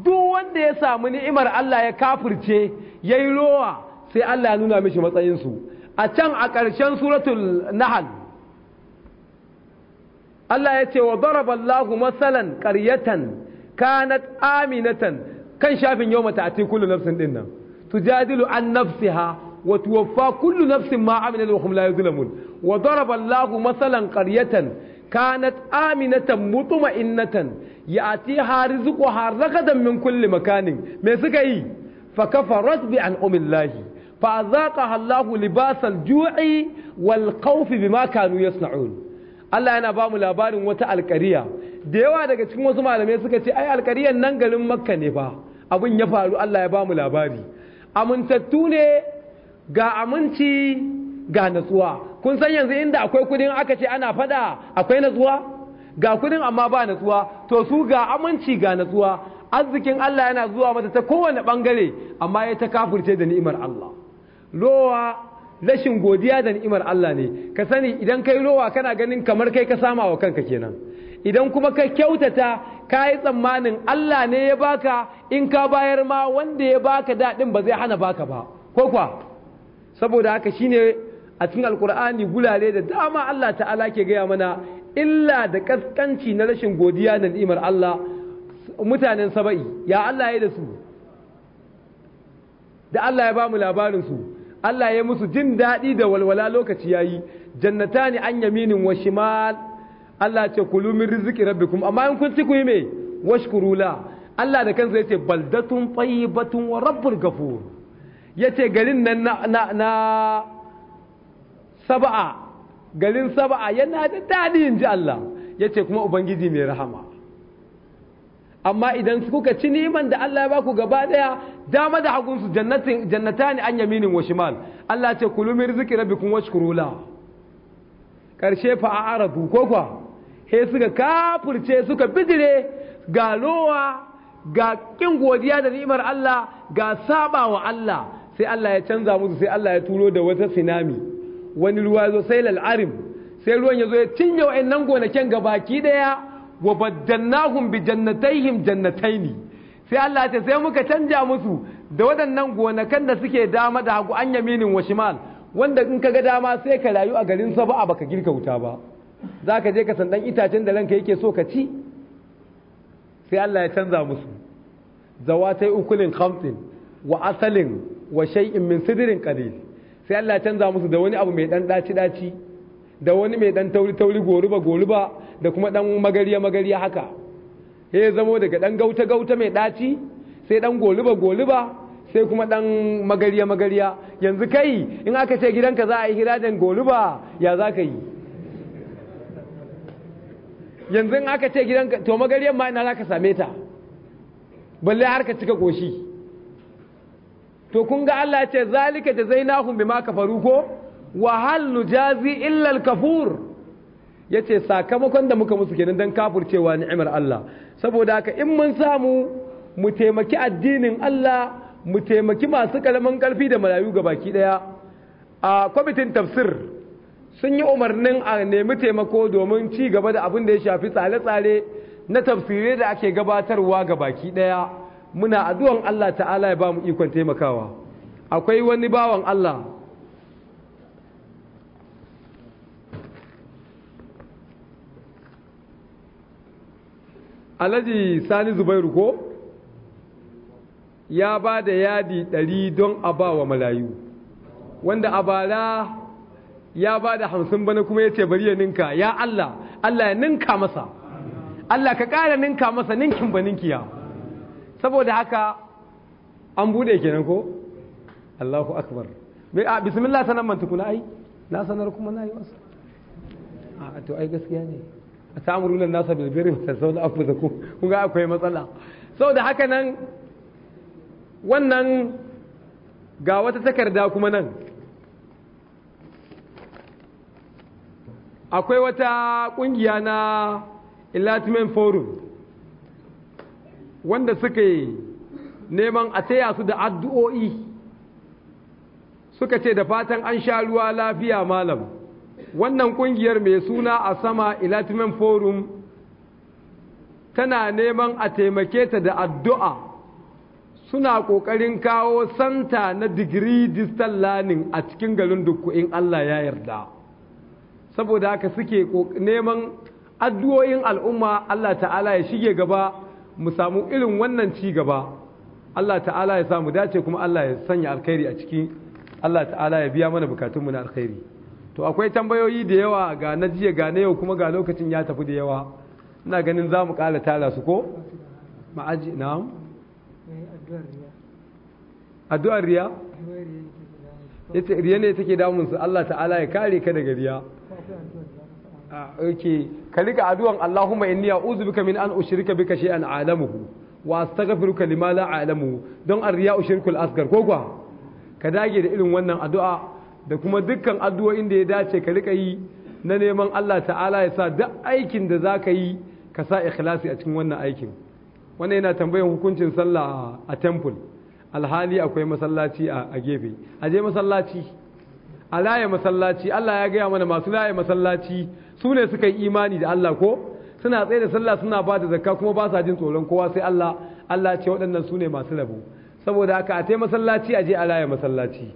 duk wanda ya samu ni'imar Allah ya kafirce yi rowa sai Allah ya nuna mishi matsayinsu a can a ƙarshen suratul nahal Allah ya ce wa Allahu masalan qaryatan kanat aminatan kan shafin yawma ta'ti kullu nafsin din nan tujadilu an nafsiha wa tuwaffa kullu nafsin ma amilat wa hum la yuzlamun wa Allahu masalan qaryatan kanat aminatan mutma'innatan ya'tiha rizquha ragadan min kulli makanin me suka yi fa kafarat bi an umillahi fa azaqaha Allahu libasal ju'i wal khawfi bima kanu yasna'un Allah yana ba mu labarin wata alkariya da yawa daga cikin wasu malamai suka ce ai alkariyan nan garin makka ne fa abin ya faru Allah ya ba mu labari amintattu ne ga aminci ga natsuwa kun san yanzu inda akwai kudin aka ce ana fada akwai natsuwa ga kudin amma ba natsuwa to su ga aminci ga natsuwa arzikin Allah yana zuwa mata ta kowane bangare amma ya ta kafurce da ni'imar Allah lowa rashin godiya da ni'imar Allah ne ka sani idan kai rowa kana ganin kamar kai ka sama wa kanka kenan idan kuma ka kyautata ka yi tsammanin Allah ne ya baka in ka bayar ma wanda ya baka daɗin ba zai hana baka ba ko kwa saboda haka shine a cikin alkur'ani gulale da dama Allah ta'ala ke gaya mana illa da kaskanci na rashin godiya da ni'imar Allah mutanen saba'i ya Allah ya da su da Allah ya ba mu labarin su. Allah ya musu jin daɗi da walwala lokaci ya yayi jannatani an yaminin wa shimal Allah ce kulu min riziki rabbikum amma in kun ku yi me washkuru kurula. Allah da kansa yace baldatun tayyibatun wa rabbul ghafur yace garin nan na na, na sab'a garin sab'a yana da daɗi in ji Allah yace kuma ubangiji mai rahama amma idan kuka ci niman da Allah ya ba ku gaba daya dama da hagun su jannatin ne an yaminin wa shimal Allah ce kulu min rizqi rabbikum washkuru la karshe fa a'radu ko kwa he suka kafirce suka bidire ga lowa ga kin godiya da ni'imar Allah ga sabawa Allah sai Allah ya canza musu sai Allah ya turo da wata tsunami wani ruwa zo sai lal'arim sai ruwan ya zo ya cinye wa'annan gonakin gabaki daya wa baddannahum bi jannatayhim jannataini sai Allah ce sai muka canja musu da waɗannan gonakan da suke dama da hagu an yaminin wa shimal wanda in ka ga dama sai ka rayu a garin sa ba baka girka wuta ba za ka je ka san dan itacen da ranka yake so ka ci sai Allah ya canza musu zawatai ukulin khamsin wa asalin wa shay'in min sidrin qalil sai Allah ya canza musu da wani abu mai dan daci daci da wani mai dan tauri tauri goruba goruba da kuma ɗan magariya magariya haka ya zamo daga ɗan gauta gauta mai ɗaci sai ɗan goliba goliba sai kuma ɗan magariya magariya yanzu kai in aka ce gidanka za a yi hirajen goliba ya za ka yi yanzu in aka ce gidanka to magariyar ma ina za ka same ta balle har ka cika goshi to kun ga Allah ce zalika da ma ka faru ko wa hal nujazi illa al-kafur Ya ce sakamakon da muka musu kenan dan kafurcewa ni'imar Allah saboda haka in mun samu mu taimaki addinin Allah mu taimaki masu kalaman karfi da malayu baki daya a kwamitin tafsir sun yi umarnin a nemi taimako domin ci gaba da abin da ya shafi tsare-tsare na tafsirai da ake gabatarwa ga baki daya muna addu'an Allah ta'ala ya ba mu ikon taimakawa akwai wani bawan Allah alhaji sani zubairu ko ya ba da yadi ɗari don a ba wa malayu wanda a ya ba da hamsin bana kuma ya ce bari ya ninka ya Allah Allah ya ninka masa Allah ka ƙara ninka masa ninkin ba ninkiya saboda haka an buɗe kenan ko Allahu akbar a bismillah sanan man ai na sanar kuma na yi wasu a to ai gaskiya ne a ta'amuruna nasa da birri da tasawna anfusakum kun akwai matsala sau da haka nan wannan ga wata takarda kuma nan akwai wata kungiya na enlightenment forum wanda suka yi neman a taya su da addu'o'i suka ce da fatan an sha ruwa lafiya malam wannan kungiyar mai suna a sama ilatimen forum tana neman a taimake ta da addu'a suna ƙoƙarin kawo santa na digiri distal lanin a cikin garin dukku in Allah ya yarda saboda haka suke neman addu'o'in al'umma Allah ta'ala ya shige gaba mu samu irin wannan ci gaba Allah ta'ala ya samu dace kuma Allah ya sanya alkhairi a ciki Allah ta'ala ya biya mana bukatunmu na alkhairi to akwai tambayoyi da yawa ga na jiya ga na yau kuma ga lokacin ya tafi da yawa ina ganin za mu ƙara tara su ko ma'aji na? addu'ar riya yace riya ne take damun su Allah ta'ala ya kare ka daga riya ah, okay ka rika addu'an Allahumma inni a'udhu bika min an ushrika bika shay'an a'lamuhu wa astaghfiruka lima la a'lamu don arriya ushrikul asghar ko kwa ka dage da irin wannan addu'a da kuma dukkan addu'o'in da ya dace ka riƙa yi na neman Allah ta'ala ya sa duk aikin da za ka yi ka sa ikhlasi a cikin wannan aikin wannan yana tambayin hukuncin sallah a temple alhali akwai masallaci a gefe Aje masallaci a laye masallaci Allah ya gaya mana masu laye masallaci su ne suka yi imani da Allah ko suna tsaye da sallah suna ba da zakka kuma ba sa jin tsoron kowa sai Allah Allah ce waɗannan su ne masu rabo saboda haka a tai masallaci a je a laye masallaci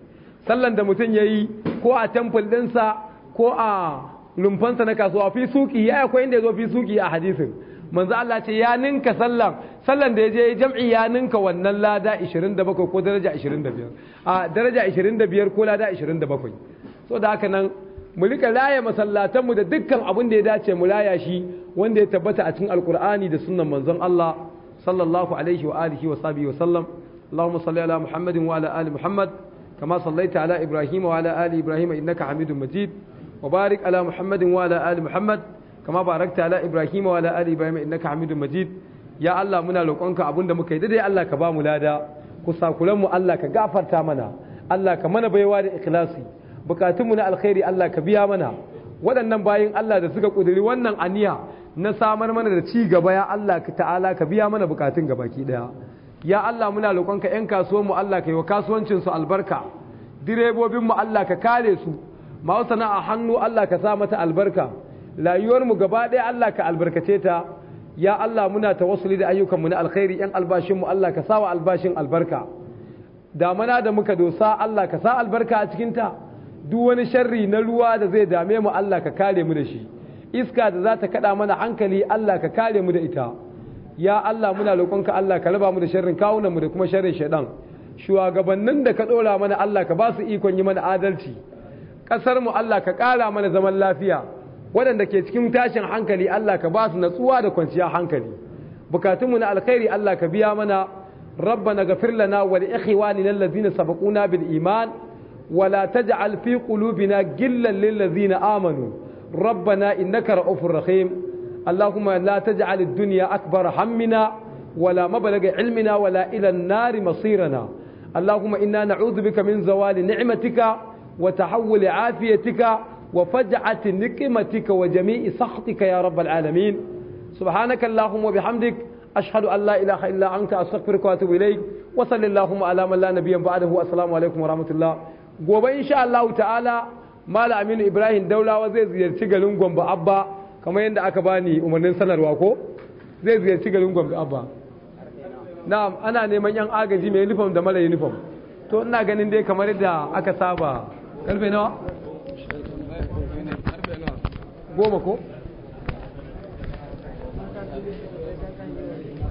sallan da mutum ya yi ko a temple ɗinsa ko a rumfansa na kasuwa fi suki ya akwai inda ya zo fi suki a hadisin manzo Allah ce ya ninka sallan sallan da ya je jam'i ya ninka wannan lada 27 ko daraja 25 a daraja 25 ko lada 27 so da haka nan mu rika laye masallatanmu da dukkan abin da ya dace mu laya shi wanda ya tabbata a cikin alkur'ani da sunnan manzon Allah sallallahu alaihi wa alihi wa sahbihi wa sallam اللهم صل على محمد وعلى ال محمد كما صليت على إبراهيم وعلى آل إبراهيم إنك حميد مجيد وبارك على محمد وعلى آل محمد كما باركت على إبراهيم وعلى آل إبراهيم إنك حميد مجيد يا الله منا لوكونك أبونا مكيدة يا الله كبا ملادا kusakulanmu Allah ka gafarta mana Allah ka mana baiwa da ikhlasi bukatunmu na alkhairi Allah ka biya mana waɗannan bayan Allah da suka ƙudiri wannan aniya na samar mana da ci gaba ya Allah ta'ala ka biya mana bukatun gabaki ɗaya ya Allah muna yan ƴan mu Allah ka yi wa kasuwancinsu albarka direbobin mu Allah ka kare su masu sana'a hannu Allah ka sa mata albarka layuwar mu gaba ɗaya Allah ka albarkace ta ya Allah muna tawassuli da ayyukanmu na alkhairi ƴan albashinmu Allah ka sa wa albashin albarka Da damana da muka dosa Allah ka sa albarka a cikinta duk wani sharri na ruwa da zai dame mu Allah ka kare mu da shi iska da za ta kaɗa mana hankali Allah ka kare mu da ita ya Allah muna roƙonka Allah ka raba mu da sharrin kawunan mu da kuma sharrin shaidan shugabannin da ka ɗora mana Allah ka ba su ikon yi mana adalci Ƙasarmu mu Allah ka ƙara mana zaman lafiya waɗanda ke cikin tashin hankali Allah ka ba su natsuwa da kwanciyar hankali mu na alkhairi Allah ka biya mana ربنا غفر لنا ولإخواننا الذين سبقونا بالإيمان ولا تجعل في قلوبنا جلا للذين آمنوا ربنا إنك رؤوف رحيم اللهم لا تجعل الدنيا أكبر همنا ولا مبلغ علمنا ولا إلى النار مصيرنا اللهم إنا نعوذ بك من زوال نعمتك وتحول عافيتك وفجعة نقمتك وجميع سخطك يا رب العالمين سبحانك اللهم وبحمدك أشهد أن لا إله إلا أنت أستغفرك وأتوب إليك وصل اللهم على من لا نبي بعده السلام عليكم ورحمة الله gobe شاء الله تعالى مال أمين إبراهيم دولة وزير ziyarci garin بأبا kamar yadda aka bani umarnin sanarwa ko zai ziyarci garin gwamnati abba na ana neman yan agaji mai uniform da mara uniform to ina ganin dai kamar yadda aka saba karfe nawa goma ko